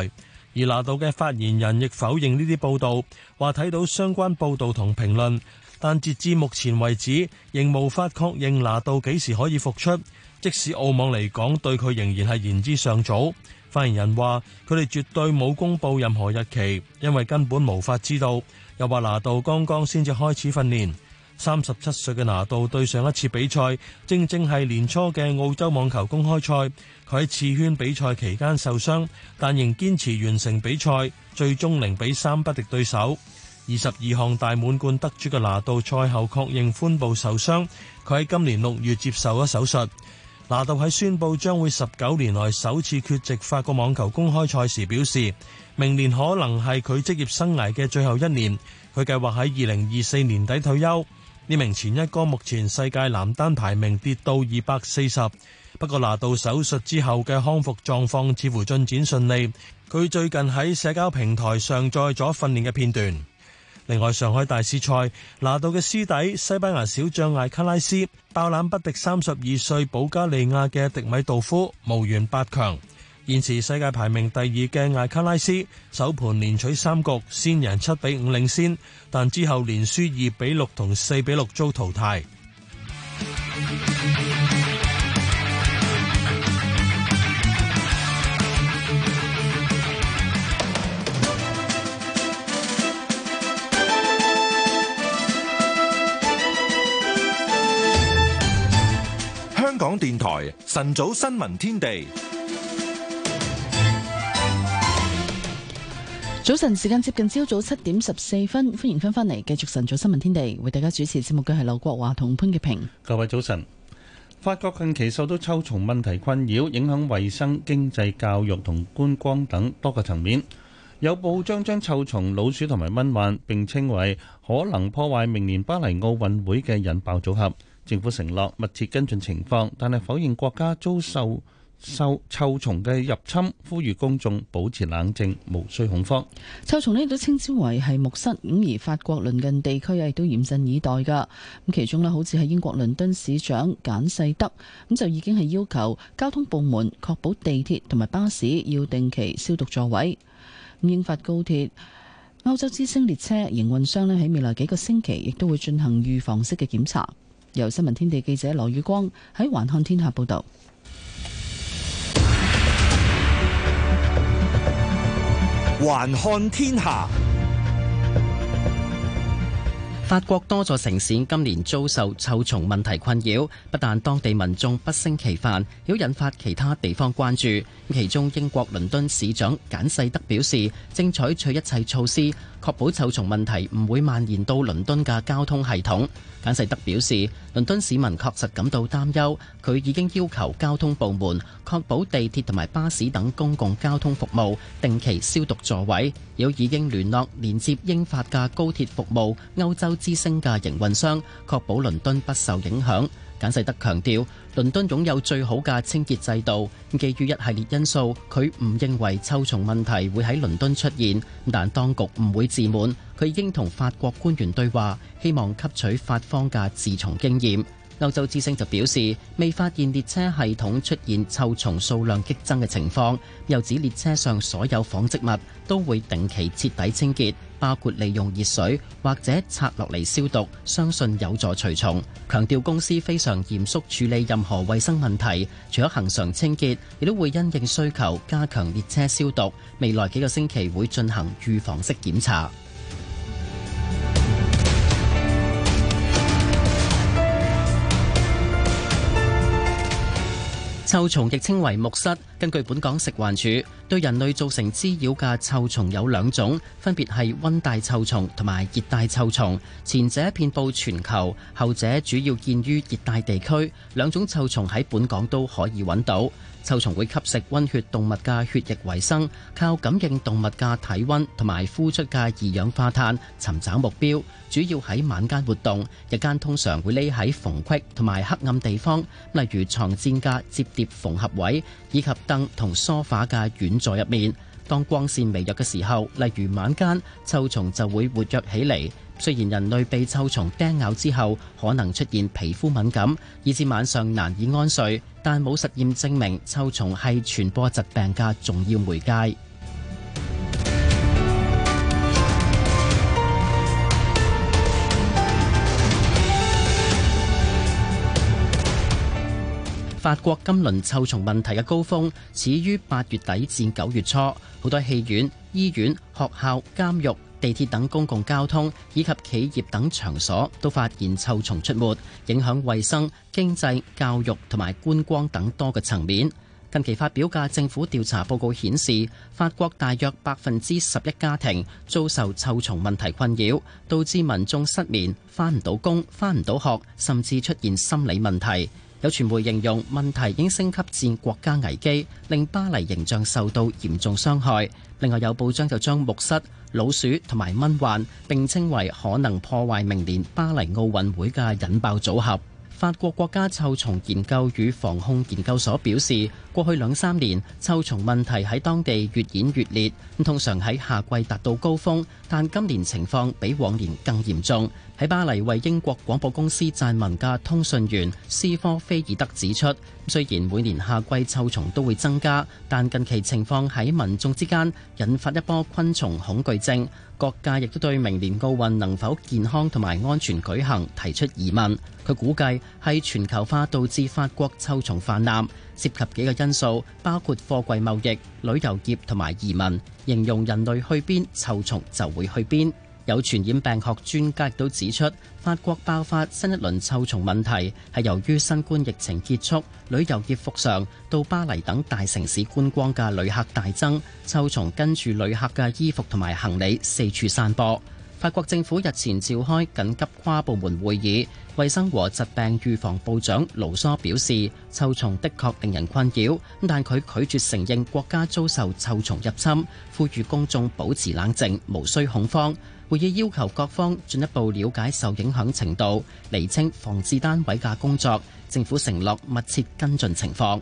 而拿度嘅發言人亦否認呢啲報道，話睇到相關報道同評論，但截至目前為止仍無法確認拿度幾時可以復出。即使澳網嚟講，對佢仍然係言之尚早。發言人話：佢哋絕對冇公布任何日期，因為根本無法知道。又話拿度剛剛先至開始訓練。三十七歲嘅拿度對上一次比賽，正正係年初嘅澳洲網球公開賽。佢喺次圈比賽期間受傷，但仍堅持完成比賽，最終零比三不敵對手。二十二項大滿貫得主嘅拿度賽後確認髖部受傷，佢喺今年六月接受咗手術。拿度喺宣布將會十九年來首次缺席法國網球公開賽時表示，明年可能係佢職業生涯嘅最後一年，佢計劃喺二零二四年底退休。呢名前一哥目前世界男單排名跌到二百四十，不過拿度手術之後嘅康復狀況似乎進展順利，佢最近喺社交平台上載咗訓練嘅片段。另外，上海大師賽拿到嘅師弟西班牙小將艾卡拉斯爆冷不敵三十二歲保加利亞嘅迪米道夫，無緣八強。現時世界排名第二嘅艾卡拉斯首盤連取三局，先贏七比五領先，但之後連輸二比六同四比六遭淘汰。香港電台晨早新聞天地，早晨時間接近朝早七點十四分，歡迎翻返嚟，繼續晨早新聞天地，為大家主持節目嘅係劉國華同潘潔平。各位早晨。法國近期受到臭蟲問題困擾，影響衛生、經濟、教育同觀光等多個層面，有報章將臭蟲、老鼠同埋蚊患，並稱為可能破壞明年巴黎奧運會嘅引爆組合。政府承諾密切跟進情況，但係否認國家遭受受，受臭蟲嘅入侵，呼籲公眾保持冷靜，無需恐慌。臭蟲呢都稱之為係木虱，咁而法國鄰近地區啊，亦都嚴陣以待噶。咁其中咧，好似係英國倫敦市長簡世德咁，就已經係要求交通部門確保地鐵同埋巴士要定期消毒座位。英法高鐵歐洲之星列車營運商咧，喺未來幾個星期亦都會進行預防式嘅檢查。由新聞天地記者羅宇光喺環看天下報道。環看天下，法國多座城市今年遭受臭蟲問題困擾，不但當地民眾不勝其煩，亦引發其他地方關注。其中，英國倫敦市長簡世德表示，正採取一切措施。確保臭蟲問題唔會蔓延到倫敦嘅交通系統。簡世德表示，倫敦市民確實感到擔憂，佢已經要求交通部門確保地鐵同埋巴士等公共交通服務定期消毒座位，亦已經聯絡連接英法嘅高鐵服務、歐洲之星嘅營運商，確保倫敦不受影響。簡世德強調，倫敦擁有最好嘅清潔制度，基於一系列因素，佢唔認為臭蟲問題會喺倫敦出現，但當局唔會自滿，佢已經同法國官員對話，希望吸取法方嘅治蟲經驗。歐洲之星就表示，未發現列車系統出現臭蟲數量激增嘅情況，又指列車上所有紡織物都會定期徹底清潔，包括利用熱水或者拆落嚟消毒，相信有助除蟲。強調公司非常嚴肅處理任何衛生問題，除咗恆常清潔，亦都會因應需求加強列車消毒。未來幾個星期會進行預防式檢查。臭蟲亦稱為木虱，根據本港食環署，對人類造成滋擾嘅臭蟲有兩種，分別係溫帶臭蟲同埋熱帶臭蟲。前者遍布全球，後者主要見於熱帶地區。兩種臭蟲喺本港都可以揾到。臭蟲會吸食溫血動物嘅血液維生，靠感應動物嘅體溫同埋呼出嘅二氧化碳尋找目標，主要喺晚間活動，日間通常會匿喺縫隙同埋黑暗地方，例如床墊嘅折疊縫合位以及燈同梳化嘅軟座入面。當光線微弱嘅時候，例如晚間，臭蟲就會活躍起嚟。雖然人類被臭蟲叮咬之後可能出現皮膚敏感，以至晚上難以安睡，但冇實驗證明臭蟲係傳播疾病嘅重要媒介。 法國今輪臭蟲問題嘅高峰始於八月底至九月初，好多戲院、醫院、學校、監獄，地鐵等公共交通以及企業等場所都發現臭蟲出沒，影響衛生、經濟、教育同埋觀光等多個層面。近期發表嘅政府調查報告顯示，法國大約百分之十一家庭遭受臭蟲問題困擾，導致民眾失眠、返唔到工、返唔到學，甚至出現心理問題。有傳媒形容問題已經升級戰國家危機，令巴黎形象受到嚴重傷害。另外有報章就將木虱老鼠同埋蚊患並稱為可能破壞明年巴黎奧運會嘅引爆組合。法國國家臭蟲研究與防控研究所表示，過去兩三年臭蟲問題喺當地越演越烈，通常喺夏季達到高峰，但今年情況比往年更嚴重。喺巴黎為英國廣播公司撰文嘅通訊員斯科菲爾德指出，雖然每年夏季臭蟲都會增加，但近期情況喺民眾之間引發一波昆蟲恐懼症。各界亦都對明年奧運能否健康同埋安全舉行提出疑問。佢估計係全球化導致法國臭蟲泛濫，涉及幾個因素，包括貨櫃貿易、旅遊業同埋移民。形容人類去邊，臭蟲就會去邊。有傳染病學專家亦都指出，法國爆發新一輪臭蟲問題，係由於新冠疫情結束，旅遊業復常，到巴黎等大城市觀光嘅旅客大增，臭蟲跟住旅客嘅衣服同埋行李四處散播。法國政府日前召開緊急跨部門會議，衞生和疾病預防部長盧梭表示，臭蟲的確令人困擾，但佢拒絕承認國家遭受臭蟲入侵，呼籲公眾保持冷靜，無需恐慌。會議要求各方進一步了解受影響程度，厘清防治單位嘅工作。政府承諾密切跟進情況。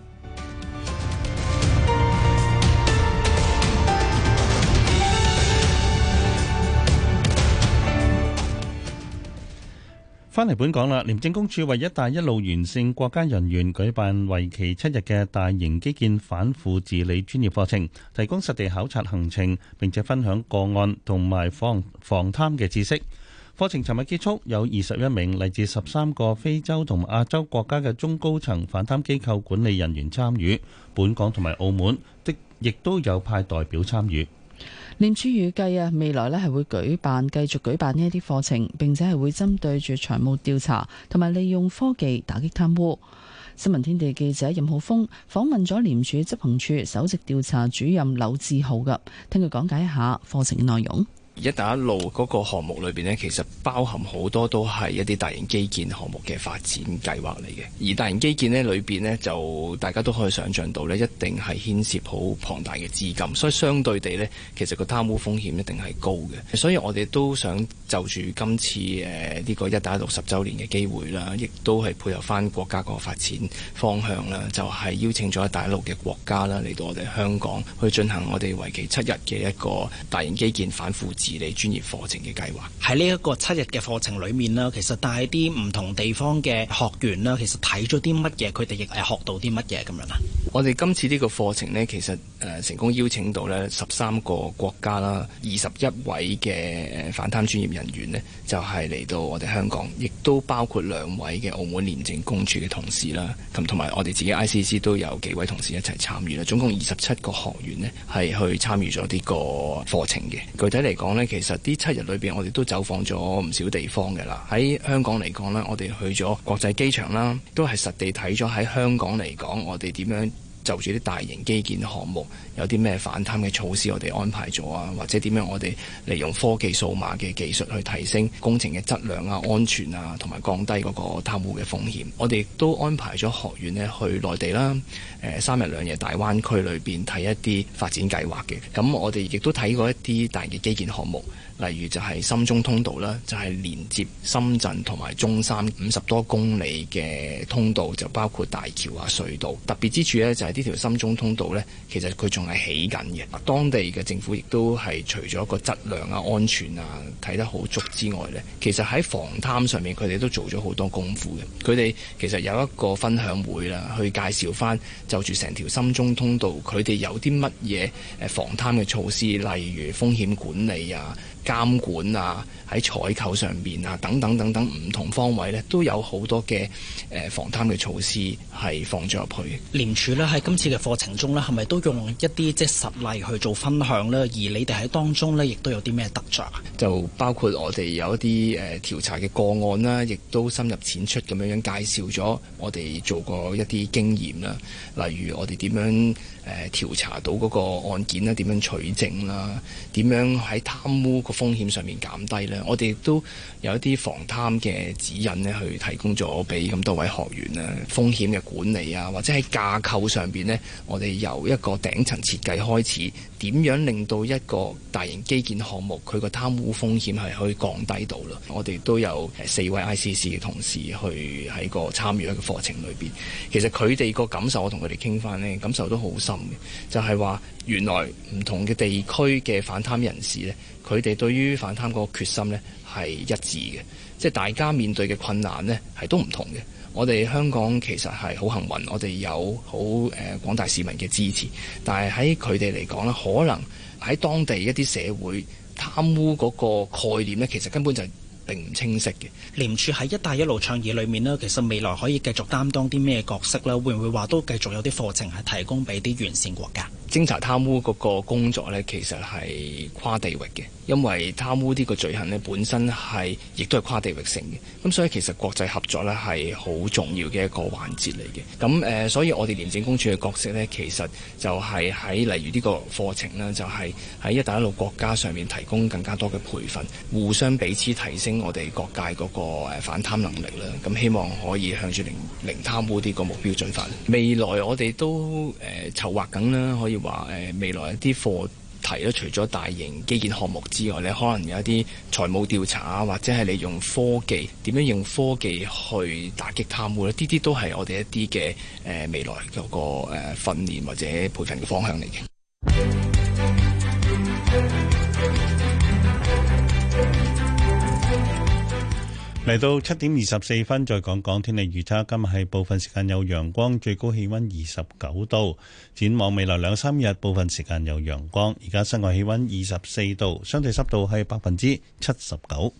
返嚟本港啦，廉政公署為一帶一路沿線國家人員舉辦為期七日嘅大型基建反腐治理專業課程，提供實地考察行程，並且分享個案同埋防防貪嘅知識。課程尋日結束，有二十一名嚟自十三個非洲同亞洲國家嘅中高層反貪機構管理人員參與，本港同埋澳門的亦都有派代表參與。廉署預計啊，未來呢係會舉辦繼續舉辦呢一啲課程，並且係會針對住財務調查同埋利用科技打擊貪污。新聞天地記者任浩峰訪問咗廉署執行處首席調查主任柳志豪噉，聽佢講解一下課程嘅內容。一帶一路嗰個項目裏邊咧，其實包含好多都係一啲大型基建項目嘅發展計劃嚟嘅。而大型基建咧裏邊咧，就大家都可以想象到咧，一定係牽涉好龐大嘅資金，所以相對地咧，其實個貪污風險一定係高嘅。所以我哋都想就住今次誒呢、呃這個一帶一路十周年嘅機會啦，亦都係配合翻國家個發展方向啦，就係、是、邀請咗一帶一路嘅國家啦，嚟到我哋香港去進行我哋為期七日嘅一個大型基建反腐治理專業課程嘅計劃。喺呢一個七日嘅課程裏面啦，其實帶啲唔同地方嘅學員啦，其實睇咗啲乜嘢，佢哋亦係學到啲乜嘢咁樣啊？我哋今次呢個課程咧，其實誒成功邀請到咧十三個國家啦，二十一位嘅誒反貪專業人員咧，就係嚟到我哋香港，亦都包括兩位嘅澳門廉政公署嘅同事啦，咁同埋我哋自己 ICC 都有幾位同事一齊參與啦，總共二十七個學員咧係去參與咗呢個課程嘅。具體嚟講。咧，其實呢七日裏邊，我哋都走訪咗唔少地方嘅啦。喺香港嚟講呢，我哋去咗國際機場啦，都係實地睇咗。喺香港嚟講，我哋點樣就住啲大型基建項目，有啲咩反貪嘅措施，我哋安排咗啊，或者點樣我哋利用科技數碼嘅技術去提升工程嘅質量啊、安全啊，同埋降低嗰個貪污嘅風險，我哋都安排咗學員咧去內地啦，誒三日兩夜大灣區裏邊睇一啲發展計劃嘅。咁我哋亦都睇過一啲大型基建項目，例如就係深中通道啦，就係連接深圳同埋中山五十多公里嘅通道，就包括大橋啊、隧道。特別之處咧就係。呢條深中通道呢，其實佢仲係起緊嘅。當地嘅政府亦都係除咗一個質量啊、安全啊睇得好足之外呢，其實喺防貪上面佢哋都做咗好多功夫嘅。佢哋其實有一個分享會啦，去介紹翻就住成條深中通道，佢哋有啲乜嘢防貪嘅措施，例如風險管理啊、監管啊。喺採購上邊啊，等等等等唔同方位呢，都有好多嘅誒、呃、防貪嘅措施係放咗入去。廉署呢，喺今次嘅課程中咧，係咪都用一啲即係實例去做分享呢？而你哋喺當中呢，亦都有啲咩得著啊？就包括我哋有一啲誒、呃、調查嘅個案啦，亦都深入淺出咁樣樣介紹咗我哋做過一啲經驗啦。例如我哋點樣誒、呃、調查到嗰個案件啦，點樣取證啦，點樣喺貪污個風險上面減低咧？我哋都有一啲防貪嘅指引咧，去提供咗俾咁多位學員啊，風險嘅管理啊，或者喺架構上邊咧，我哋由一個頂層設計開始，點樣令到一個大型基建項目佢個貪污風險係可以降低到啦。我哋都有四位 ICC 嘅同事去喺個參與一個課程裏邊，其實，佢哋個感受，我同佢哋傾翻咧，感受都好深嘅，就係話原來唔同嘅地區嘅反貪人士咧。佢哋對於反貪嗰個決心呢係一致嘅，即係大家面對嘅困難呢係都唔同嘅。我哋香港其實係好幸運，我哋有好誒、呃、廣大市民嘅支持，但係喺佢哋嚟講咧，可能喺當地一啲社會貪污嗰個概念呢，其實根本就係並唔清晰嘅。廉署喺“一帶一路”倡議裏面咧，其實未來可以繼續擔當啲咩角色咧？會唔會話都繼續有啲課程係提供俾啲沿綫國家？偵查貪污個工作咧，其實係跨地域嘅，因為貪污呢個罪行咧本身係亦都係跨地域性嘅。咁所以其實國際合作咧係好重要嘅一個環節嚟嘅。咁誒，所以我哋廉政公署嘅角色咧，其實就係喺例如呢個課程啦，就係喺“一帶一路”國家上面提供更加多嘅培訓，互相彼此提升。我哋各界嗰個反貪能力啦，咁希望可以向住零零貪污呢個目標進發。未來我哋都誒籌劃緊啦，可以話誒未來一啲課題啦，除咗大型基建項目之外，你可能有一啲財務調查啊，或者係利用科技點樣用科技去打擊貪污咧，呢啲都係我哋一啲嘅誒未來嗰個訓練或者培訓嘅方向嚟嘅。嚟到七點二十四分，再講講天氣預測。今日係部分時間有陽光，最高氣溫二十九度。展望未來兩三日部分時間有陽光，而家室外氣溫二十四度，相對濕度係百分之七十九。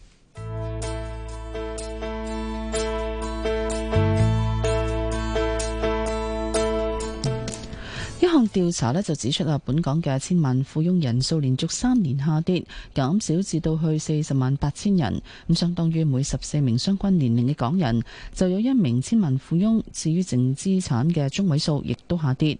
調查呢就指出啊，本港嘅千萬富翁人數連續三年下跌，減少至到去四十萬八千人，咁相當於每十四名相關年齡嘅港人就有一名千萬富翁。至於淨資產嘅中位數亦都下跌。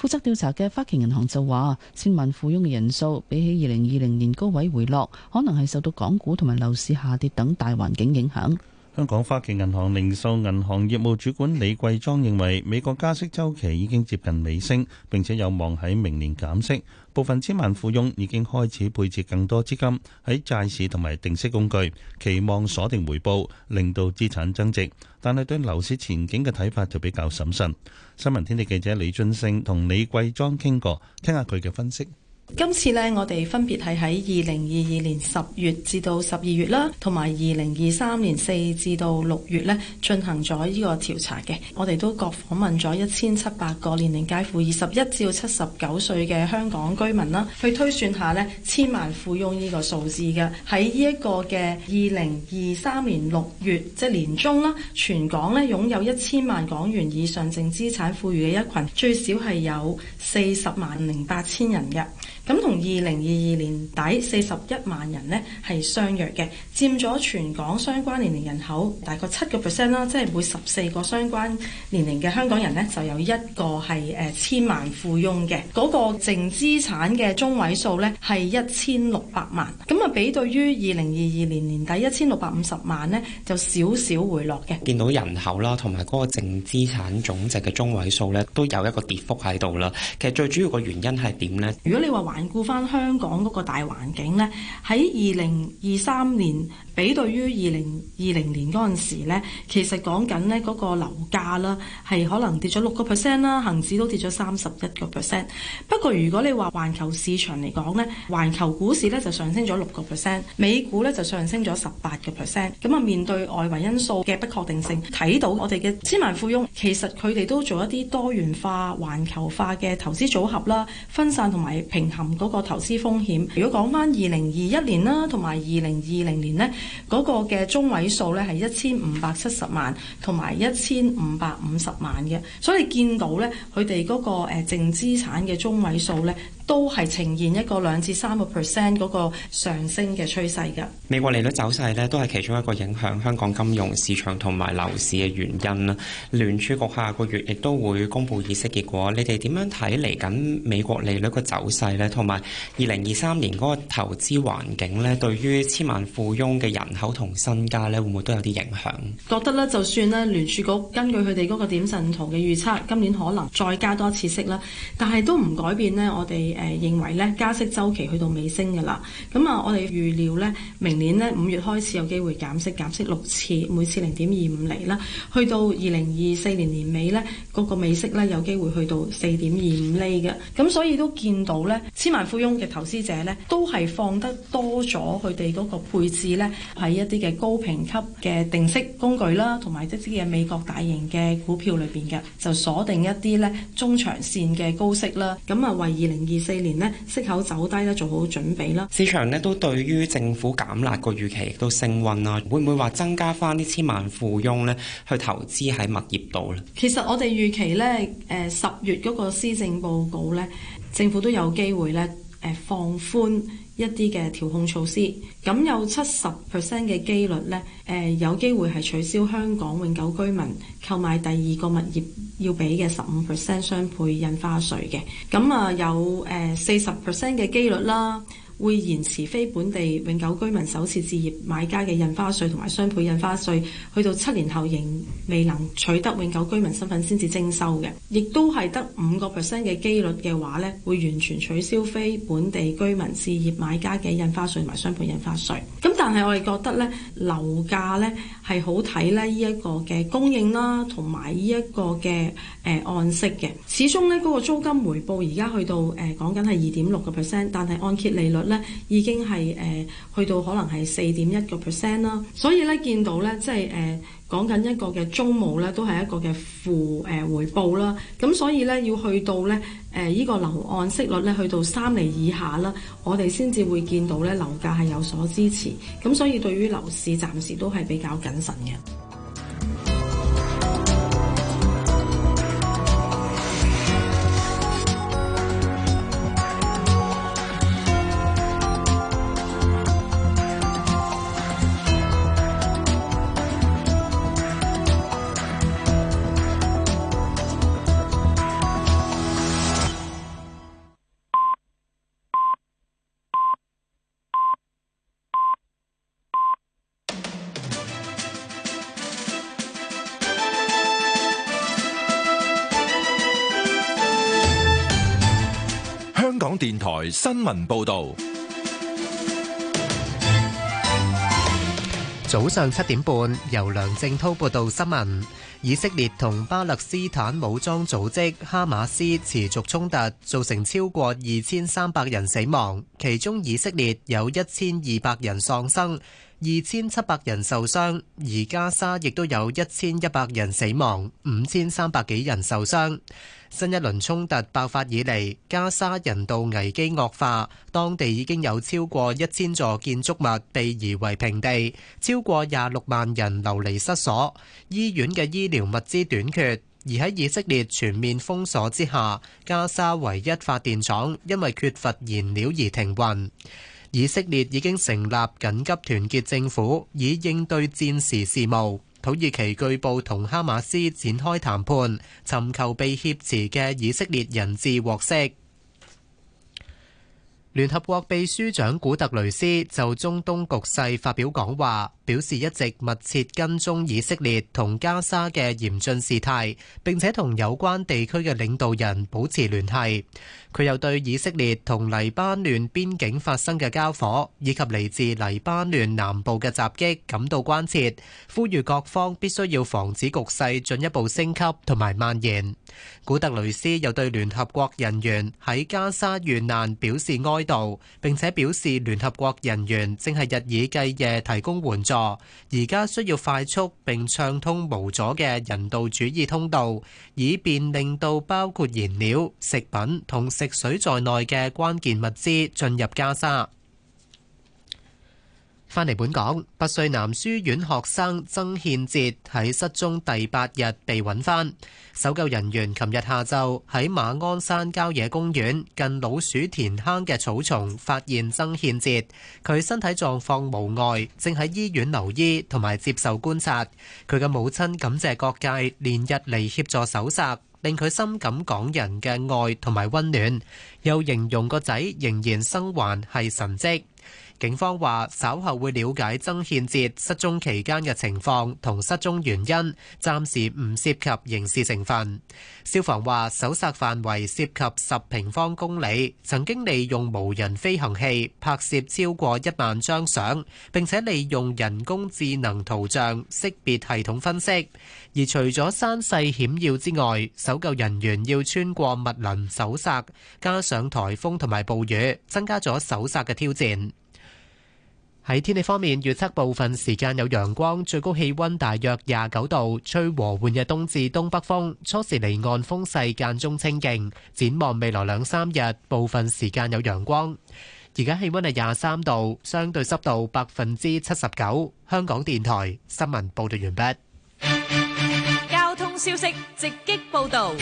負責調查嘅花旗銀行就話，千萬富翁嘅人數比起二零二零年高位回落，可能係受到港股同埋樓市下跌等大環境影響。香港花旗銀行零售銀行業務主管李桂莊認為，美國加息週期已經接近尾聲，並且有望喺明年減息。部分千萬富翁已經開始配置更多資金喺債市同埋定息工具，期望鎖定回報，令到資產增值。但係對樓市前景嘅睇法就比較審慎。新聞天地記者李俊勝同李桂莊傾過，聽下佢嘅分析。今次呢，我哋分別係喺二零二二年十月至到十二月啦，同埋二零二三年四至到六月呢，進行咗呢個調查嘅。我哋都各訪問咗一千七百個年齡介乎二十一至到七十九歲嘅香港居民啦，去推算下呢，千萬富翁呢個數字嘅。喺呢一個嘅二零二三年六月，即係年中啦，全港呢，擁有一千萬港元以上淨資產富裕嘅一群，最少係有四十萬零八千人嘅。咁同二零二二年底四十一萬人咧係相若嘅，佔咗全港相關年齡人口大概七個 percent 啦，即係每十四個相關年齡嘅香港人咧就有一個係誒千萬富翁嘅，嗰個淨資產嘅中位數咧係一千六百萬，咁啊比對於二零二二年年底一千六百五十萬咧就少少回落嘅。見到人口啦，同埋嗰個淨資產總值嘅中位數咧都有一個跌幅喺度啦。其實最主要個原因係點咧？如果你話。話。顧返香港嗰個大環境呢，喺二零二三年比對於二零二零年嗰陣時咧，其實講緊呢嗰個樓價啦，係可能跌咗六個 percent 啦，恆指都跌咗三十一個 percent。不過如果你話環球市場嚟講呢，環球股市呢就上升咗六個 percent，美股呢就上升咗十八個 percent。咁啊面對外圍因素嘅不確定性，睇到我哋嘅千萬富翁其實佢哋都做一啲多元化、環球化嘅投資組合啦，分散同埋平衡。嗰個投資風險，如果講翻二零二一年啦，同埋二零二零年呢，嗰個嘅中位數呢，係一千五百七十萬，同埋一千五百五十萬嘅，所以見到呢，佢哋嗰個誒、呃、淨資產嘅中位數呢，都係呈現一個兩至三個 percent 嗰個上升嘅趨勢㗎。美國利率走勢呢，都係其中一個影響香港金融市場同埋樓市嘅原因啦。聯儲局下個月亦都會公佈議息結果，你哋點樣睇嚟緊美國利率個走勢呢？同埋二零二三年嗰個投資環境呢，對於千萬富翁嘅人口同身家呢，會唔會都有啲影響？覺得呢，就算呢聯儲局根據佢哋嗰個點陣圖嘅預測，今年可能再加多次息啦，但係都唔改變呢。我哋。誒認為咧加息周期去到尾聲㗎啦，咁啊我哋預料咧明年咧五月開始有機會減息，減息六次，每次零點二五厘啦，去到二零二四年年尾咧，嗰個美息咧有機會去到四點二五厘嘅，咁所以都見到咧，千萬富翁嘅投資者咧都係放得多咗佢哋嗰個配置咧喺一啲嘅高評級嘅定息工具啦，同埋一啲嘅美國大型嘅股票裏邊嘅，就鎖定一啲咧中長線嘅高息啦，咁啊為二零二。四年呢息口走低咧，做好準備啦。市場呢都對於政府減辣個預期都升溫啊，會唔會話增加翻啲千萬富翁呢去投資喺物業度咧？其實我哋預期呢，誒、呃、十月嗰個施政報告呢，政府都有機會呢誒、呃、放寬。一啲嘅調控措施，咁有七十 percent 嘅機率呢，誒、呃、有機會係取消香港永久居民購買第二個物業要俾嘅十五 percent 雙倍印花稅嘅，咁啊有誒四十 percent 嘅機率啦。會延遲非本地永久居民首次置業買家嘅印花稅同埋雙倍印花稅，去到七年後仍未能取得永久居民身份先至徵收嘅。亦都係得五個 percent 嘅機率嘅話呢，會完全取消非本地居民置業買家嘅印花稅同埋雙倍印花稅。咁但係我哋覺得呢樓價呢係好睇呢依一個嘅供應啦，同埋呢一個嘅誒按息嘅，始終呢嗰個租金回報而家去到誒講緊係二點六個 percent，但係按揭利率。已經係誒、呃、去到可能係四點一個 percent 啦，所以咧見到咧即係誒、呃、講緊一個嘅中冇咧都係一個嘅負誒、呃、回報啦，咁所以咧要去到咧誒呢個樓按息率咧去到三厘以下啦，我哋先至會見到咧樓價係有所支持，咁所以對於樓市暫時都係比較謹慎嘅。新聞報道。早上七點半，由梁正濤報道新聞。以色列同巴勒斯坦武裝組織哈馬斯持續衝突，造成超過二千三百人死亡，其中以色列有一千二百人喪生。二千七百人受傷，而加沙亦都有一千一百人死亡，五千三百幾人受傷。新一輪衝突爆發以嚟，加沙人道危機惡化，當地已經有超過一千座建築物被夷為平地，超過廿六萬人流離失所，醫院嘅醫療物資短缺，而喺以色列全面封鎖之下，加沙唯一發電廠因為缺乏燃料而停運。以色列已經成立緊急團結政府，以應對戰時事務。土耳其據報同哈馬斯展開談判，尋求被挾持嘅以色列人質獲釋。聯合國秘書長古特雷斯就中東局勢發表講話。表示一直密切跟蹤以色列同加沙嘅嚴峻事態，並且同有關地區嘅領導人保持聯繫。佢又對以色列同黎巴嫩邊境發生嘅交火以及嚟自黎巴嫩南部嘅襲擊感到關切，呼籲各方必須要防止局勢進一步升級同埋蔓延。古特雷斯又對聯合國人員喺加沙遇難表示哀悼，並且表示聯合國人員正係日以繼夜提供援助。而家需要快速並暢通無阻嘅人道主義通道，以便令到包括燃料、食品同食水在內嘅關鍵物資進入加沙。返嚟本港，拔萃男書院學生曾憲哲喺失蹤第八日被揾翻。搜救人員琴日下晝喺馬鞍山郊野公園近老鼠田坑嘅草叢發現曾憲哲，佢身體狀況無礙，正喺醫院留醫同埋接受觀察。佢嘅母親感謝各界連日嚟協助搜索，令佢深感港人嘅愛同埋溫暖，又形容個仔仍然生還係神蹟。警方話，稍後會了解曾憲哲失蹤期間嘅情況同失蹤原因，暫時唔涉及刑事成分。消防話，搜索範圍涉及十平方公里，曾經利用無人飛行器拍攝超過一萬張相，並且利用人工智能圖像識別系統分析。而除咗山勢險要之外，搜救人員要穿過密林搜索，加上台風同埋暴雨，增加咗搜索嘅挑戰。喺天氣方面，預測部分時間有陽光，最高氣溫大約廿九度，吹和緩嘅東至東北風，初時離岸風勢間中清勁。展望未來兩三日，部分時間有陽光。而家氣溫係廿三度，相對濕度百分之七十九。香港電台新聞報道完畢。交通消息直擊報道。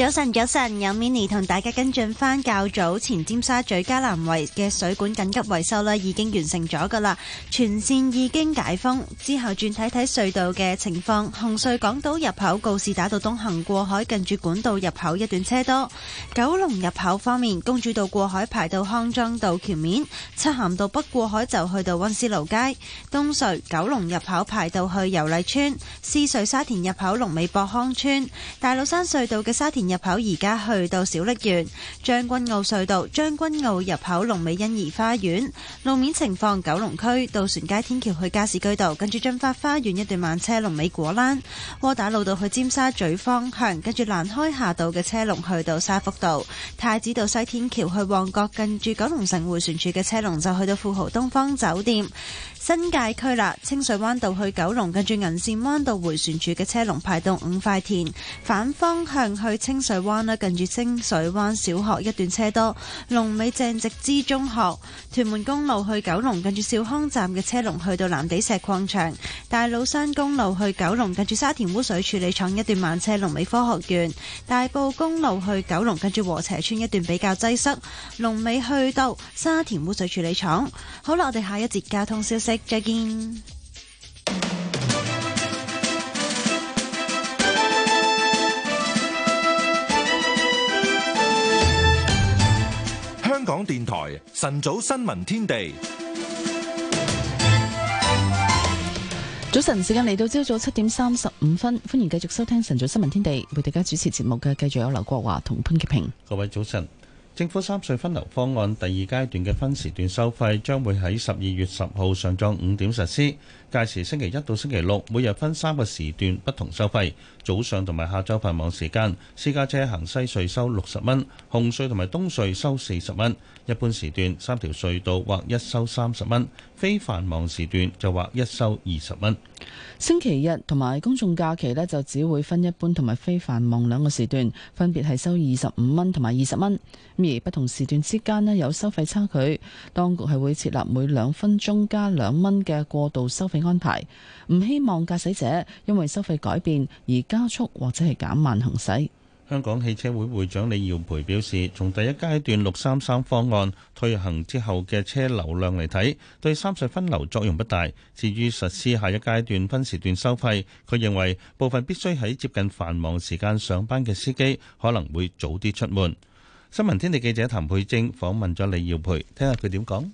早晨，早晨，有 Mini 同大家跟進翻較早前尖沙咀加南圍嘅水管緊急維修咧，已經完成咗噶啦全線已經解封。之後轉睇睇隧道嘅情況，紅隧港島入口告士打道東行過海近住管道入口一段車多。九龍入口方面，公主道過海排到康莊道橋面，漆咸道北過海就去到溫斯路街。東隧九龍入口排到去油麗村，獅隧沙田入口龍尾博康村，大老山隧道嘅沙田入口而家去到小瀝源。將軍澳隧道，將軍澳入口龍尾欣怡花園。路面情況，九龍區渡船街天橋去加士居道，跟住駿發花園一段慢車，龍尾果欄，窩打老道去尖沙咀方向，跟住蘭開夏道嘅車龍去到沙福道，太子道西天橋去旺角，近住九龍城回旋處嘅車龍就去到富豪東方酒店。新界區啦，清水灣道去九龍，近住銀線灣道迴旋處嘅車龍排到五塊田。反方向去清水灣啦，近住清水灣小學一段車多。龍尾鄭植之中學。屯門公路去九龍，近住兆康站嘅車龍去到藍地石礦場。大老山公路去九龍，近住沙田污水處理廠一段慢車龍尾科學園。大埔公路去九龍，近住禾輋村一段比較擠塞。龍尾去到沙田污水處理廠。好啦，我哋下一節交通消息。再見！香港電台晨早新聞天地，早晨時間嚟到朝早七點三十五分，歡迎繼續收聽晨早新聞天地，為大家主持節目嘅繼續有劉國華同潘潔平。各位早晨。政府三隧分流方案第二階段嘅分時段收費，將會喺十二月十號上晝五點實施。屆時星期一到星期六，每日分三個時段不同收費。早上同埋下晝繁忙時間，私家車行西隧收六十蚊，紅隧同埋東隧收四十蚊。一般時段，三條隧道劃一收三十蚊；非繁忙時段就劃一收二十蚊。星期日同埋公眾假期呢，就只會分一般同埋非繁忙兩個時段，分別係收二十五蚊同埋二十蚊。而不同時段之間呢，有收費差距，當局係會設立每兩分鐘加兩蚊嘅過渡收費。安排唔希望駕駛者因為收費改變而加速或者係減慢行駛。香港汽車會會長李耀培表示，從第一階段六三三方案推行之後嘅車流量嚟睇，對三隧分流作用不大。至於實施下一階段分時段收費，佢認為部分必須喺接近繁忙時間上班嘅司機可能會早啲出門。新聞天地記者譚佩貞訪問咗李耀培，聽下佢點講。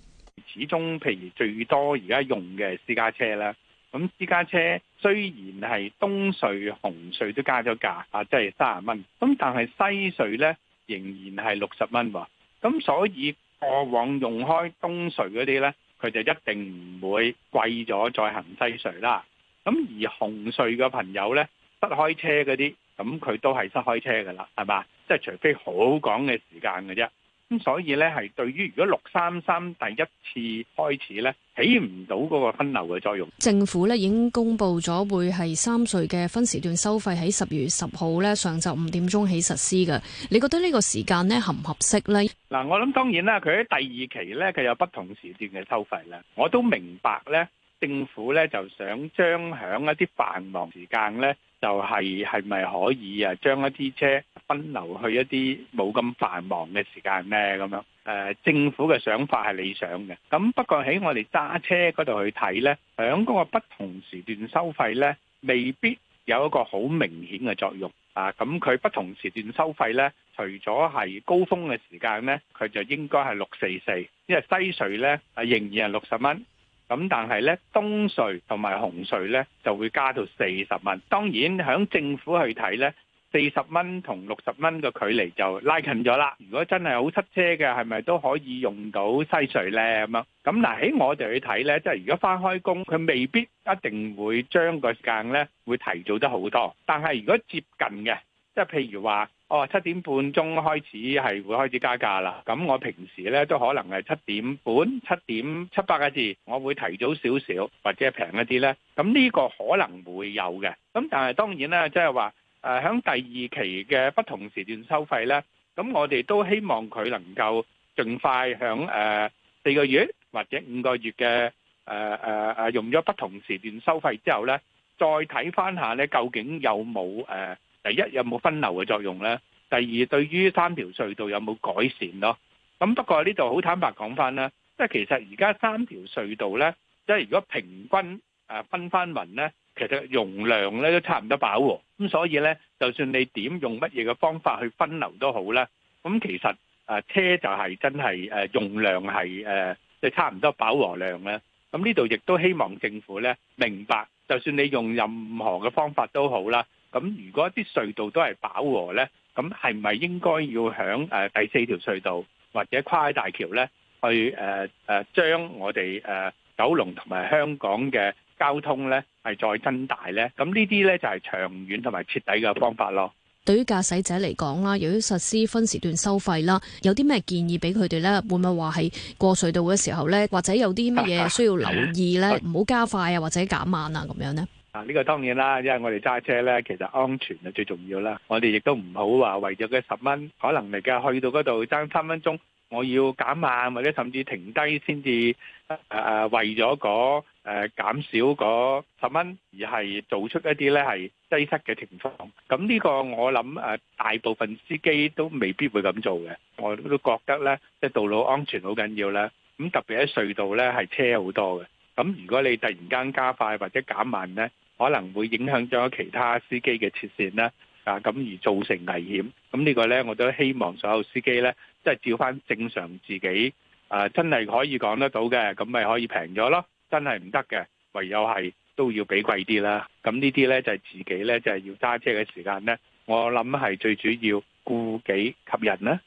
始終，譬如最多而家用嘅私家車啦。咁私家車雖然係東隧、紅隧都加咗價啊，即係三十蚊，咁但係西隧呢仍然係六十蚊喎。咁所以過往用開東隧嗰啲呢，佢就一定唔會貴咗再行西隧啦。咁而紅隧嘅朋友呢，不開車嗰啲，咁佢都係不開車噶啦，係嘛？即係除非好趕嘅時間嘅啫。咁所以咧，係對於如果六三三第一次開始咧，起唔到嗰個分流嘅作用。政府咧已經公布咗會係三隧嘅分時段收費喺十月十號咧上晝五點鐘起實施嘅。你覺得呢個時間咧合唔合適咧？嗱，我諗當然啦，佢喺第二期咧，佢有不同時段嘅收費咧，我都明白咧。政府咧就想將響一啲繁忙時間呢，就係係咪可以啊將一啲車分流去一啲冇咁繁忙嘅時間呢？咁樣？誒、呃，政府嘅想法係理想嘅。咁不過喺我哋揸車嗰度去睇呢，響嗰個不同時段收費呢，未必有一個好明顯嘅作用啊。咁佢不同時段收費呢，除咗係高峰嘅時間呢，佢就應該係六四四，因為西隧咧仍然係六十蚊。咁但係呢，東隧同埋紅隧呢就會加到四十蚊。當然喺政府去睇呢，四十蚊同六十蚊嘅距離就拉近咗啦。如果真係好塞車嘅，係咪都可以用到西隧呢？咁樣咁嗱喺我哋去睇呢，即係如果翻開工，佢未必一定會將個時間呢會提早得好多。但係如果接近嘅。即係譬如話，哦，七點半鐘開始係會開始加價啦。咁我平時呢都可能係七點半、七點七八個字，我會提早少少或者平一啲呢。咁呢個可能會有嘅。咁但係當然啦，即係話誒，響、呃、第二期嘅不同時段收費呢，咁我哋都希望佢能夠盡快響誒四個月或者五個月嘅誒誒誒用咗不同時段收費之後呢，再睇翻下呢，究竟有冇誒？呃第一有冇分流嘅作用咧？第二對於三條隧道有冇改善咯？咁不過呢度好坦白講翻啦，即係其實而家三條隧道咧，即係如果平均誒分翻勻咧，其實容量咧都差唔多飽和。咁所以咧，就算你點用乜嘢嘅方法去分流都好啦。咁其實誒車就係真係誒容量係誒即差唔多飽和量咧。咁呢度亦都希望政府咧明白，就算你用任何嘅方法都好啦。咁如果啲隧道都係飽和咧，咁係咪應該要響誒第四條隧道或者跨海大橋咧，去誒誒將我哋誒九龍同埋香港嘅交通咧係再增大咧？咁呢啲咧就係長遠同埋徹底嘅方法咯。對於駕駛者嚟講啦，由於實施分時段收費啦，有啲咩建議俾佢哋咧？會唔會話係過隧道嘅時候咧，或者有啲乜嘢需要留意咧？唔好加快啊，或者減慢啊，咁樣咧？啊！呢個當然啦，因為我哋揸車咧，其實安全係最重要啦。我哋亦都唔好話為咗個十蚊，可能而家去到嗰度爭三分鐘，我要減慢或者甚至停低先至誒誒，為咗嗰誒減少嗰十蚊而係做出一啲咧係擠塞嘅情況。咁呢個我諗誒，大部分司機都未必會咁做嘅。我都覺得咧，即係道路安全好緊要啦。咁特別喺隧道咧，係車好多嘅。咁如果你突然間加快或者減慢咧，可能會影響咗其他司機嘅切線咧、啊，啊咁而造成危險。咁呢個呢，我都希望所有司機呢，即係照翻正常自己，啊真係可以講得到嘅，咁咪可以平咗咯。真係唔得嘅，唯有係都要俾貴啲啦。咁呢啲呢，就係、是、自己呢，就係、是、要揸車嘅時間呢。我諗係最主要顧己及，及，及人呢。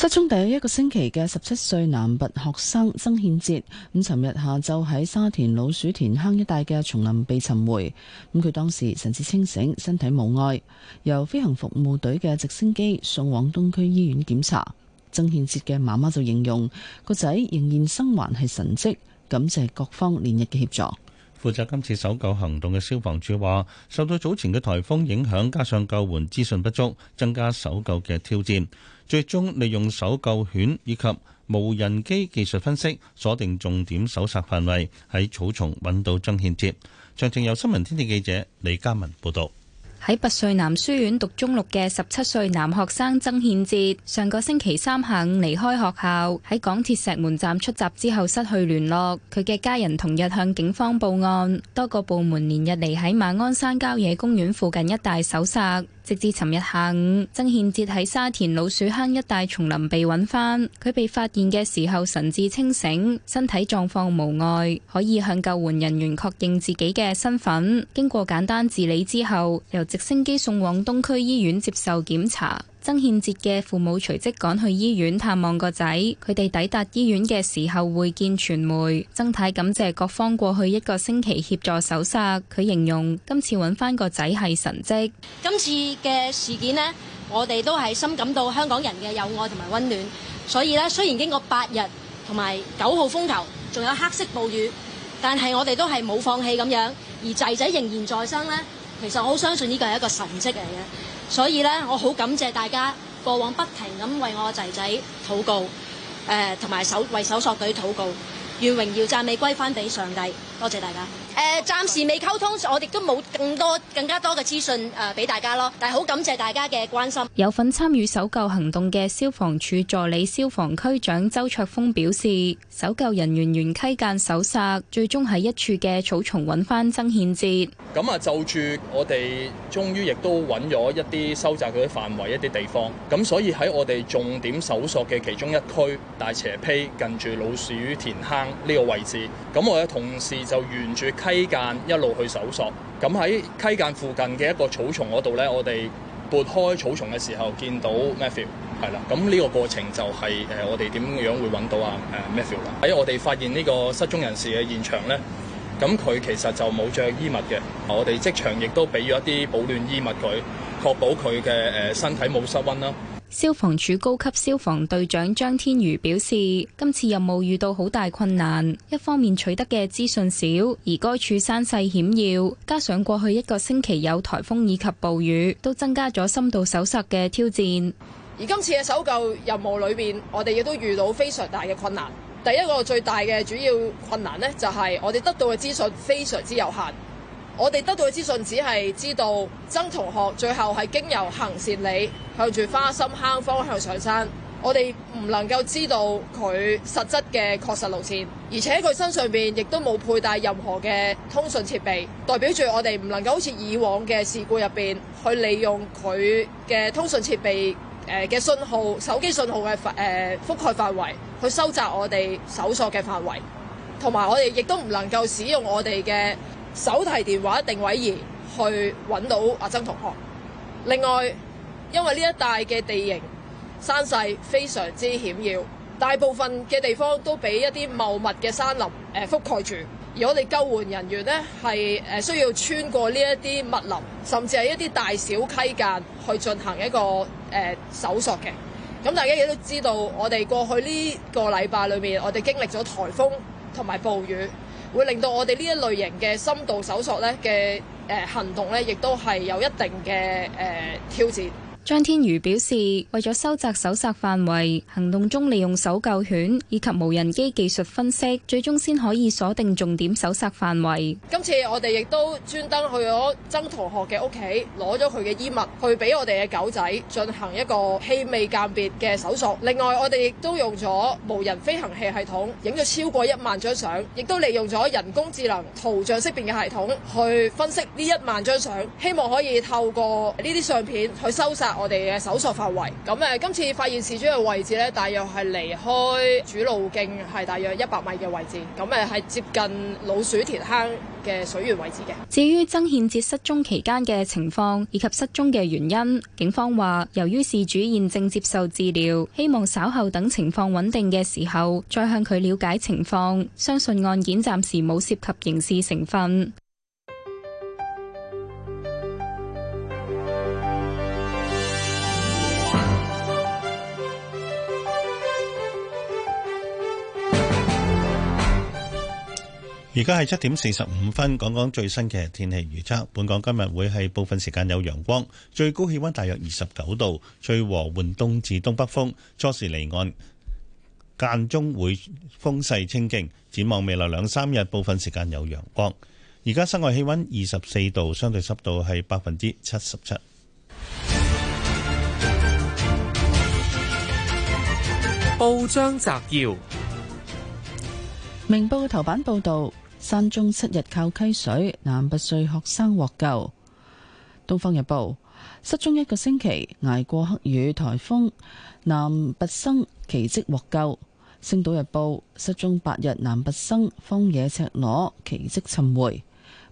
失蹤第一個星期嘅十七歲男拔學生曾憲哲，咁尋日下晝喺沙田老鼠田坑一帶嘅叢林被尋回，咁佢當時神志清醒，身體無礙，由飛行服務隊嘅直升機送往東區醫院檢查。曾憲哲嘅媽媽就形容個仔仍然生還係神跡，感謝各方連日嘅協助。負責今次搜救行動嘅消防處話，受到早前嘅台風影響，加上救援資訊不足，增加搜救嘅挑戰。最終利用搜救犬以及無人機技術分析，鎖定重點搜查範圍，喺草叢揾到曾憲哲。詳情由新聞天地記者李嘉文報道。喺拔萃南書院讀中六嘅十七歲男學生曾憲哲，上個星期三下午離開學校，喺港鐵石門站出閘之後失去聯絡。佢嘅家人同日向警方報案，多個部門連日嚟喺馬鞍山郊野公園附近一帶搜索。直至尋日下午，曾憲哲喺沙田老鼠坑一帶叢林被揾翻。佢被發現嘅時候，神志清醒，身體狀況無礙，可以向救援人員確認自己嘅身份。經過簡單治理之後，由直升機送往東區醫院接受檢查。曾憲哲嘅父母隨即趕去醫院探望個仔，佢哋抵達醫院嘅時候會見傳媒。曾太感謝各方過去一個星期協助搜索，佢形容今次揾翻個仔係神跡。今次嘅事件呢，我哋都係深感到香港人嘅友愛同埋溫暖。所以呢，雖然經過八日同埋九號風球，仲有黑色暴雨，但係我哋都係冇放棄咁樣，而仔仔仍然在生呢，其實我好相信呢個係一個神跡嚟嘅。所以咧，我好感謝大家過往不停咁為我仔仔禱告，誒同埋搜為搜索隊禱告，願榮耀讚美歸翻俾上帝。多謝大家。誒，暫時未溝通，我哋都冇更多、更加多嘅資訊誒，俾大家咯。但係好感謝大家嘅關心。有份參與搜救行動嘅消防處助理消防區長周卓峰表示，搜救人員沿溪澗搜索，最終喺一處嘅草叢揾翻曾憲哲。咁啊，就住我哋終於亦都揾咗一啲收窄佢啲範圍一啲地方。咁所以喺我哋重點搜索嘅其中一區，大斜坡近住老鼠田坑呢個位置。咁我嘅同事就沿住溪澗一路去搜索，咁喺溪澗附近嘅一個草叢嗰度咧，我哋撥開草叢嘅時候見到 Matthew，係啦，咁呢個過程就係誒我哋點樣會揾到啊 Matthew 啦。喺我哋發現呢個失蹤人士嘅現場咧，咁佢其實就冇着衣物嘅，我哋即場亦都俾咗一啲保暖衣物佢，確保佢嘅誒身體冇失溫啦。消防處高級消防隊長張天如表示，今次任務遇到好大困難，一方面取得嘅資訊少，而該處山勢險要，加上過去一個星期有台風以及暴雨，都增加咗深度搜索嘅挑戰。而今次嘅搜救任務裏面，我哋亦都遇到非常大嘅困難。第一個最大嘅主要困難呢，就係我哋得到嘅資訊非常之有限。我哋得到嘅資訊只係知道曾同學最後係經由行善里向住花心坑方向上山，我哋唔能夠知道佢實質嘅確實路線，而且佢身上邊亦都冇佩戴任何嘅通訊設備，代表住我哋唔能夠好似以往嘅事故入邊去利用佢嘅通訊設備誒嘅信號、手機信號嘅覆誒覆蓋範圍去收集我哋搜索嘅範圍，同埋我哋亦都唔能夠使用我哋嘅。手提電話定位儀去揾到阿曾同學。另外，因為呢一帶嘅地形山勢非常之險要，大部分嘅地方都俾一啲茂密嘅山林覆蓋住。而我哋救援人員咧係誒需要穿過呢一啲密林，甚至係一啲大小溪澗去進行一個、呃、搜索嘅。咁大家亦都知道，我哋過去呢個禮拜裏面，我哋經歷咗颱風同埋暴雨。會令到我哋呢一類型嘅深度搜索咧嘅、呃、行動呢，亦都係有一定嘅、呃、挑戰。張天瑜表示，為咗收窄搜索範圍，行動中利用搜救犬以及無人機技術分析，最終先可以鎖定重點搜索範圍。今次我哋亦都專登去咗曾同學嘅屋企，攞咗佢嘅衣物去俾我哋嘅狗仔進行一個氣味鑑別嘅搜索。另外，我哋亦都用咗無人飛行器系統，影咗超過一萬張相，亦都利用咗人工智能圖像識別嘅系統去分析呢一萬張相，希望可以透過呢啲相片去收窄。我哋嘅搜索範圍，咁誒今次發現事主嘅位置咧，大約係離開主路徑係大約一百米嘅位置，咁誒係接近老鼠田坑嘅水源位置嘅。至於曾獻哲失蹤期間嘅情況以及失蹤嘅原因，警方話由於事主現正接受治療，希望稍後等情況穩定嘅時候再向佢了解情況，相信案件暫時冇涉及刑事成分。而家係七點四十五分，講講最新嘅天氣預測。本港今日會係部分時間有陽光，最高氣溫大約二十九度，吹和緩東至東北風，初時離岸，間中會風勢清勁。展望未來兩三日，部分時間有陽光。而家室外氣溫二十四度，相對濕度係百分之七十七。報章摘要，明報嘅頭版報道。山中七日靠溪水，男拔萃學生獲救。《東方日報》失蹤一個星期，捱過黑雨颱風，男拔生奇蹟獲救。《星島日報》失蹤八日，男拔生荒野赤裸，奇蹟尋回。《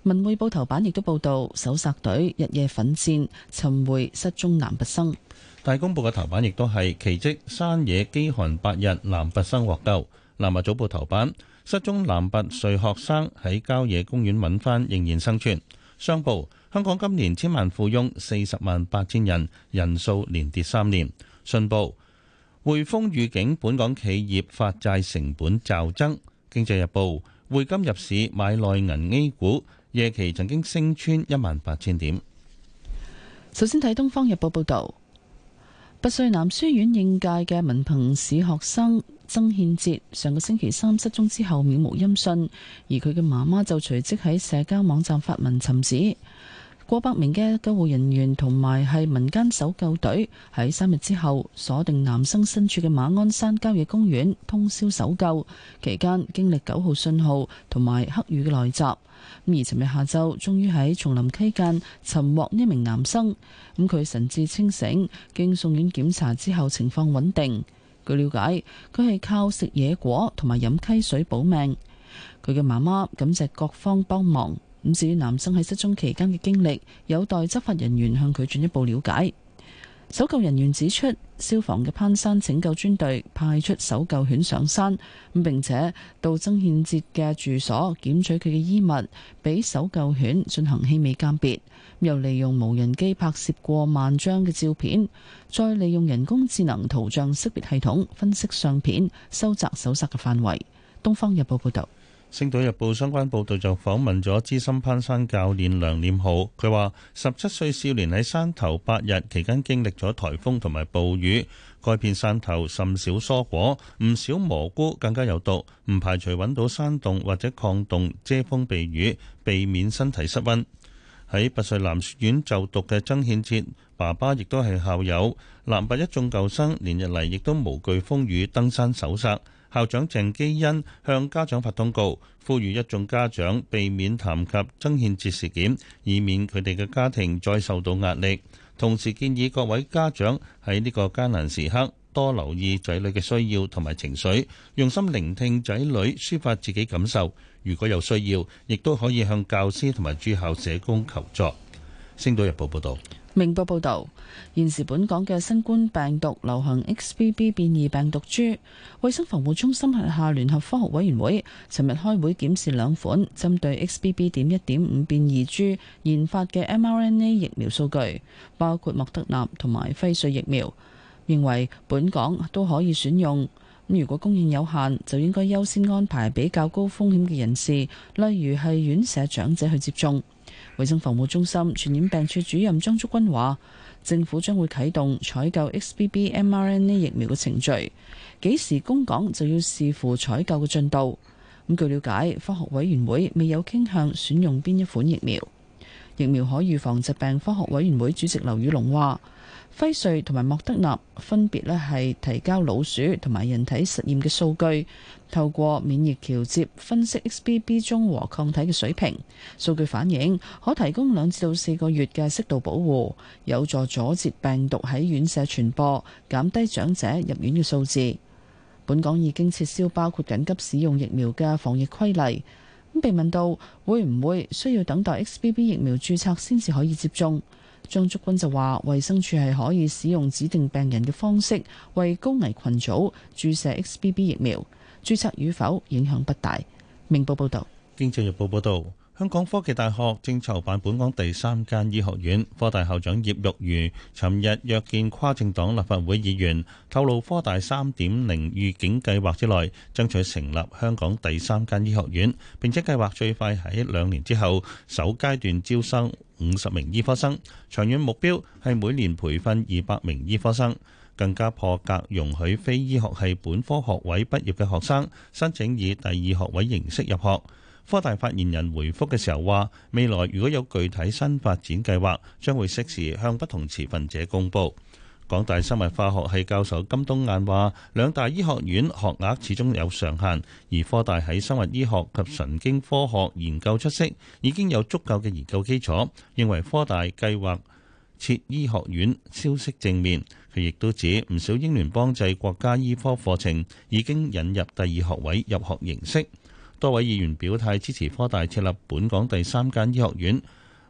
文匯報》頭版亦都報導，搜索隊日夜奮戰，尋回失蹤男拔生。《大公報》嘅頭版亦都係奇蹟，山野飢寒八日，男拔生獲救。《南華早報》頭版。失蹤男拔萃學生喺郊野公園揾翻，仍然生存。商報：香港今年千萬富翁四十萬八千人，人數連跌三年。信報：匯豐預警本港企業發債成本驟增。經濟日報：匯金入市買內銀 A 股，夜期曾經升穿一萬八千點。首先睇東方日報報道，拔萃男書院應屆嘅文憑試學生。曾憲哲上個星期三失蹤之後渺無音訊，而佢嘅媽媽就隨即喺社交網站發文尋子。過百名嘅救護人員同埋係民間搜救隊喺三日之後鎖定男生身處嘅馬鞍山郊野公園，通宵搜救期間經歷九號信號同埋黑雨嘅來襲。而尋日下晝終於喺叢林溪間尋獲呢名男生，咁佢神志清醒，經送院檢查之後情況穩定。據了解，佢係靠食野果同埋飲溪水保命。佢嘅媽媽感謝各方幫忙。咁至於男生喺失蹤期間嘅經歷，有待執法人員向佢進一步了解。搜救人員指出，消防嘅攀山拯救專隊派出搜救犬上山，並且到曾憲哲嘅住所檢取佢嘅衣物，俾搜救犬進行氣味鑑別。又利用無人機拍攝過萬張嘅照片，再利用人工智能圖像識別系統分析相片，收窄搜查嘅範圍。《東方日報》報導，《星島日報》相關報導就訪問咗資深攀山教練梁念浩，佢話：十七歲少年喺山頭八日期間經歷咗颱風同埋暴雨，該片山頭甚少蔬果，唔少蘑菇更加有毒，唔排除揾到山洞或者礦洞遮風避雨，避免身體失溫。喺拔萃男書院就讀嘅曾憲捷爸爸亦都係校友，男拔一眾舊生連日嚟亦都無懼風雨登山搜索。校長鄭基恩向家長發通告，呼籲一眾家長避免談及曾憲捷事件，以免佢哋嘅家庭再受到壓力。同時建議各位家長喺呢個艱難時刻多留意仔女嘅需要同埋情緒，用心聆聽仔女抒發自己感受。如果有需要，亦都可以向教師同埋駐校社工求助。星島日報報道，明報報道，現時本港嘅新冠病毒流行 XBB 變異病毒株，衛生防護中心轄下聯合科學委員會尋日開會檢視兩款針對 XBB 點一點五變異株研發嘅 mRNA 疫苗數據，包括莫德納同埋輝瑞疫苗，認為本港都可以選用。咁如果供應有限，就應該優先安排比較高風險嘅人士，例如係院舍長者去接種。衞生防護中心傳染病處主任張竹君話，政府將會啟動採購 XBB mRNA 疫苗嘅程序，幾時供港就要視乎採購嘅進度。咁據了解，科學委員會未有傾向選用邊一款疫苗。疫苗可預防疾病，科學委員會主席劉宇龍話。輝瑞同埋莫德納分別咧係提交老鼠同埋人體實驗嘅數據，透過免疫橋接分析 XBB 中和抗體嘅水平，數據反映可提供兩至到四個月嘅適度保護，有助阻截病毒喺院舍傳播，減低長者入院嘅數字。本港已經撤銷包括緊急使用疫苗嘅防疫規例。咁被問到會唔會需要等待 XBB 疫苗註冊先至可以接種？張竹君就話，衞生署係可以使用指定病人嘅方式，為高危群組注射 XBB 疫苗，註冊與否影響不大。明報報道。經濟日報報道。香港科技大學正籌辦本港第三間醫學院，科大校長葉玉如尋日約見跨政黨立法會議員，透露科大3.0預警計劃之內，爭取成立香港第三間醫學院，並且計劃最快喺兩年之後首階段招生五十名醫科生，長遠目標係每年培訓二百名醫科生，更加破格容許非醫學系本科學位畢業嘅學生申請以第二學位形式入學。科大發言人回覆嘅時候話，未來如果有具體新發展計劃，將會適時向不同持份者公布。港大生物化學系教授金冬雁話，兩大醫學院學額始終有上限，而科大喺生物醫學及神經科學研究出色，已經有足夠嘅研究基礎，認為科大計劃設醫學院消息正面。佢亦都指，唔少英聯邦制國家醫科課程已經引入第二學位入學形式。多位議員表態支持科大設立本港第三間醫學院。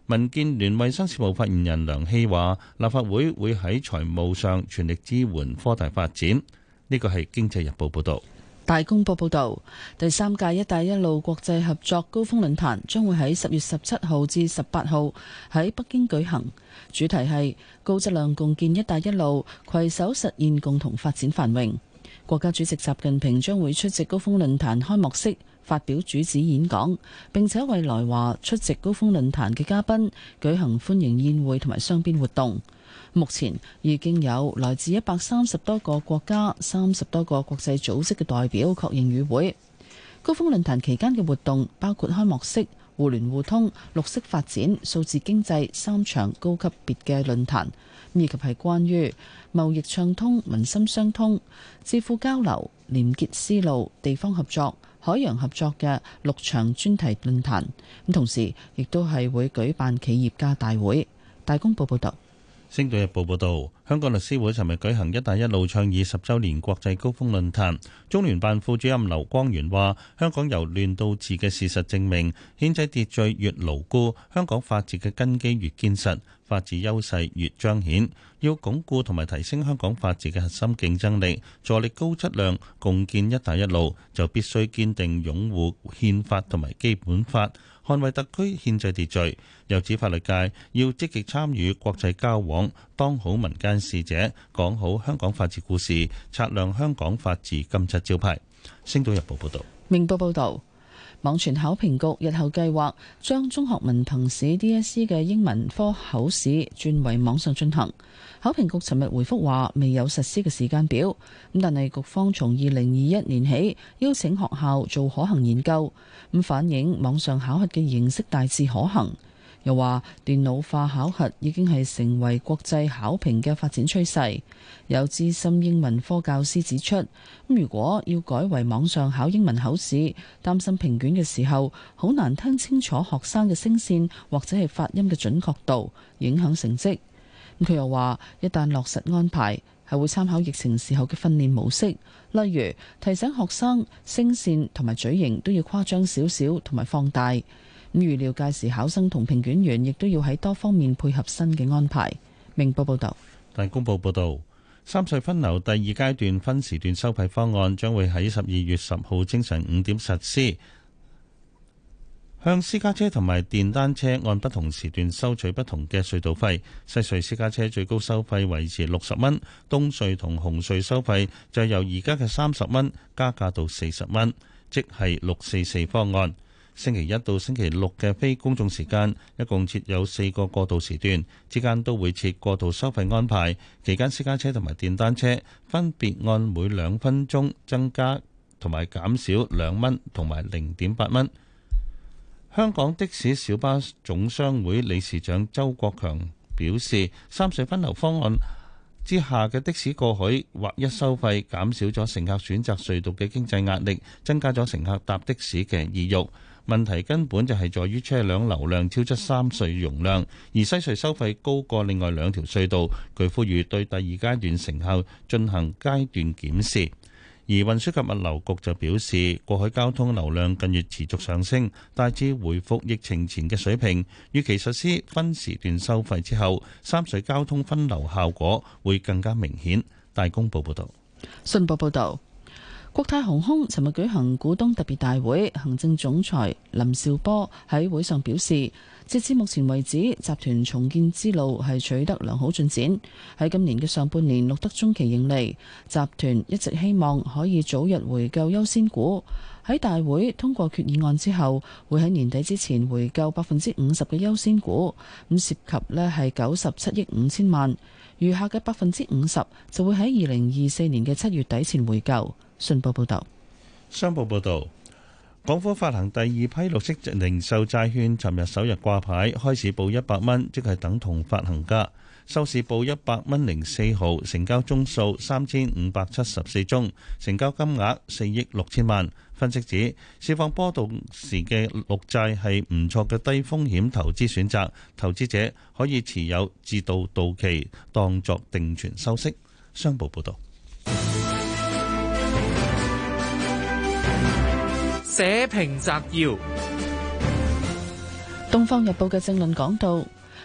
民建聯衛生事務發言人梁希話：立法會會喺財務上全力支援科大發展。呢個係《經濟日報》報導。大公報報導，第三屆「一帶一路」國際合作高峰論壇將會喺十月十七號至十八號喺北京舉行，主題係高質量共建「一帶一路」，攜手實現共同發展繁榮。國家主席習近平將會出席高峰論壇開幕式，發表主旨演講，並且為來華出席高峰論壇嘅嘉賓舉行歡迎宴會同埋雙邊活動。目前已經有來自一百三十多個國家、三十多個國際組織嘅代表確認與會。高峰論壇期間嘅活動包括開幕式、互聯互通、綠色發展、數字經濟三場高級別嘅論壇。以及係關於貿易暢通、民心相通、智庫交流、廉潔絲路、地方合作、海洋合作嘅六場專題論壇。咁同時，亦都係會舉辦企業家大會。大公報報道。《星島日報》報道：「香港律師會尋日舉行「一帶一路」倡議十週年國際高峰論壇。中聯辦副主任劉光源話：香港由亂到治嘅事實證明，憲制秩序越牢固，香港法治嘅根基越堅實。法治優勢越彰顯，要鞏固同埋提升香港法治嘅核心競爭力，助力高質量共建一帶一路，就必須堅定擁護憲法同埋基本法，捍衛特區憲制秩序。又指法律界要積極參與國際交往，當好民間使者，講好香港法治故事，擦亮香港法治金字招牌。星島日報報道。明報報導。網傳考評局日後計劃將中學文憑試 DSE 嘅英文科考試轉為網上進行。考評局尋日回覆話，未有實施嘅時間表。咁但係局方從二零二一年起邀請學校做可行研究，咁反映網上考核嘅形式大致可行。又話電腦化考核已經係成為國際考評嘅發展趨勢。有資深英文科教師指出，如果要改為網上考英文考試，擔心評卷嘅時候好難聽清楚學生嘅聲線或者係發音嘅準確度，影響成績。佢又話，一旦落實安排，係會參考疫情時候嘅訓練模式，例如提醒學生聲線同埋嘴型都要誇張少少同埋放大。預料屆時考生同評卷員亦都要喺多方面配合新嘅安排。明報報道，大公報報道，三隧分流第二階段分時段收費方案將會喺十二月十號清晨五點實施，向私家車同埋電單車按不同時段收取不同嘅隧道費。西隧私家車最高收費維持六十蚊，東隧同紅隧收費再由而家嘅三十蚊加價到四十蚊，即係六四四方案。星期一到星期六嘅非公眾時間一共設有四個過渡時段，之間都會設過渡收費安排。期間私家車同埋電單車分別按每兩分鐘增加同埋減少兩蚊同埋零點八蚊。香港的士小巴總商會理事長周國強表示，三隧分流方案之下嘅的，的士過海或一收費減少咗乘客選擇隧道嘅經濟壓力，增加咗乘客搭的士嘅意欲。問題根本就係在於車輛流量超出三隧容量，而西隧收費高過另外兩條隧道。佢呼籲對第二階段成效進行階段檢視。而運輸及物流局就表示，過去交通流量近月持續上升，大致回復疫情前嘅水平。預期實施分時段收費之後，三隧交通分流效果會更加明顯。大公報報道。信報報導。國泰航空尋日舉行股東特別大會，行政總裁林兆波喺會上表示，截至目前為止，集團重建之路係取得良好進展，喺今年嘅上半年錄得中期盈利。集團一直希望可以早日回購優先股。喺大會通過決議案之後，會喺年底之前回購百分之五十嘅優先股，咁涉及呢係九十七億五千萬，餘下嘅百分之五十就會喺二零二四年嘅七月底前回購。.信報報道，商報報道，港府發行第二批綠色零售債券，尋日首日掛牌，開市報一百蚊，即係等同發行價，收市報一百蚊零四毫，成交宗數三千五百七十四宗，成交金額四億六千萬。分析指，市況波動時嘅綠債係唔錯嘅低風險投資選擇，投資者可以持有至到到期，當作定存收息。商報報道。社評摘要，《東方日報》嘅政論講到，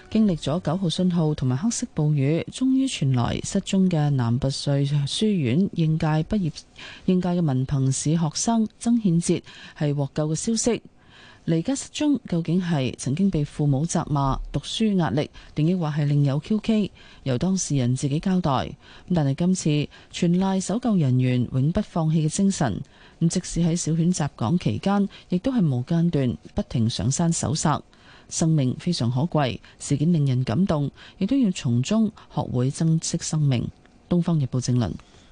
經歷咗九號信號同埋黑色暴雨，終於傳來失蹤嘅男拔萃書院應屆畢業應屆嘅文憑試學生曾顯哲係獲救嘅消息。離家失蹤究竟係曾經被父母責罵、讀書壓力，定抑或係另有蹊蹺？由當事人自己交代。但係今次全賴搜救人員永不放棄嘅精神。即使喺小犬集港期間，亦都係無間斷不停上山搜索。生命非常可貴，事件令人感動，亦都要從中學會珍惜生命。《東方日報》正論。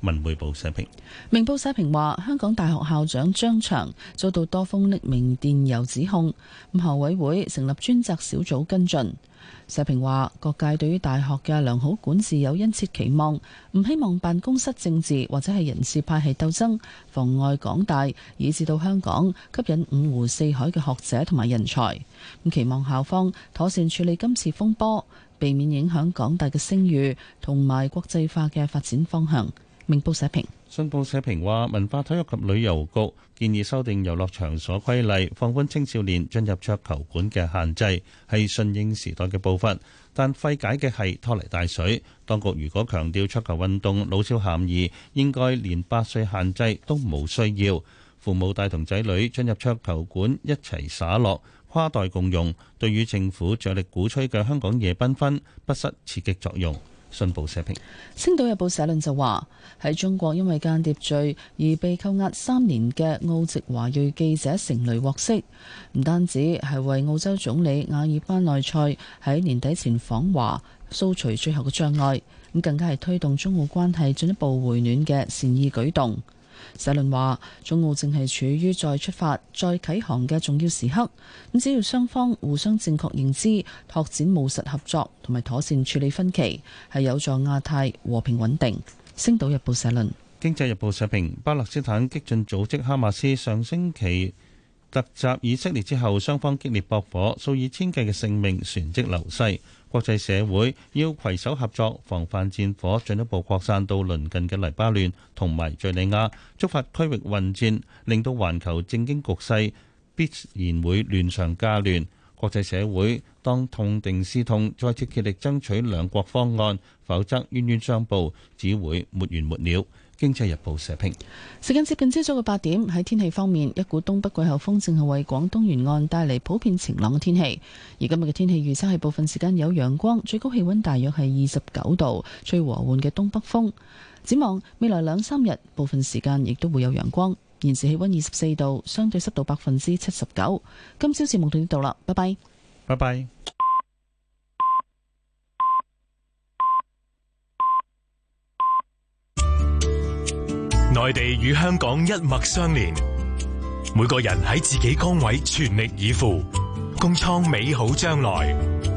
文匯報社評，明報社評話，香港大學校長張翔遭到多封匿名電郵指控，校委會成立專責小組跟進。社評話，各界對於大學嘅良好管治有殷切期望，唔希望辦公室政治或者係人事派系鬥爭妨礙港大，以至到香港吸引五湖四海嘅學者同埋人才。咁期望校方妥善處理今次風波，避免影響港大嘅聲譽同埋國際化嘅發展方向。明報社評，信報社評話，文化體育及旅遊局建議修訂遊樂場所規例，放寬青少年進入桌球館嘅限制，係順應時代嘅步伐。但費解嘅係拖泥帶水。當局如果強調桌球運動老少咸宜，應該連八歲限制都冇需要。父母帶同仔女進入桌球館一齊耍樂，跨代共用，對於政府着力鼓吹嘅香港夜繽紛不失刺激作用。《信報》社評，《星島日報社論》社論就話：喺中國因為間諜罪而被扣押三年嘅澳籍華裔記者成蕾獲釋，唔單止係為澳洲總理瓦爾班內塞喺年底前訪華，掃除最後嘅障礙，咁更加係推動中澳關係進一步回暖嘅善意舉動。社論話：中澳正係處於再出發、再啟航嘅重要時刻，咁只要雙方互相正確認知，拓展務實合作，同埋妥善處理分歧，係有助亞太和平穩定。《星島日報社論》社論，《經濟日報》社評：巴勒斯坦激進組織哈馬斯上星期突襲以色列之後，雙方激烈駁火，數以千計嘅性命旋即流逝。國際社會要攜手合作，防範戰火進一步擴散到鄰近嘅黎巴嫩同埋敍利亞，觸發區域混戰，令到環球政經局勢必然會亂上加亂。國際社會當痛定思痛，再次竭力爭取兩國方案，否則冤冤相報，只會沒完沒了。《經濟日報》社評，時間接近朝早嘅八點。喺天氣方面，一股東北季候風正係為廣東沿岸帶嚟普遍晴朗嘅天氣。而今日嘅天氣預測係部分時間有陽光，最高氣温大約係二十九度，吹和緩嘅東北風。展望未來兩三日，部分時間亦都會有陽光。現時氣温二十四度，相對濕度百分之七十九。今朝節目到呢度啦，拜拜，拜拜。內地與香港一脈相連，每個人喺自己崗位全力以赴，共創美好將來。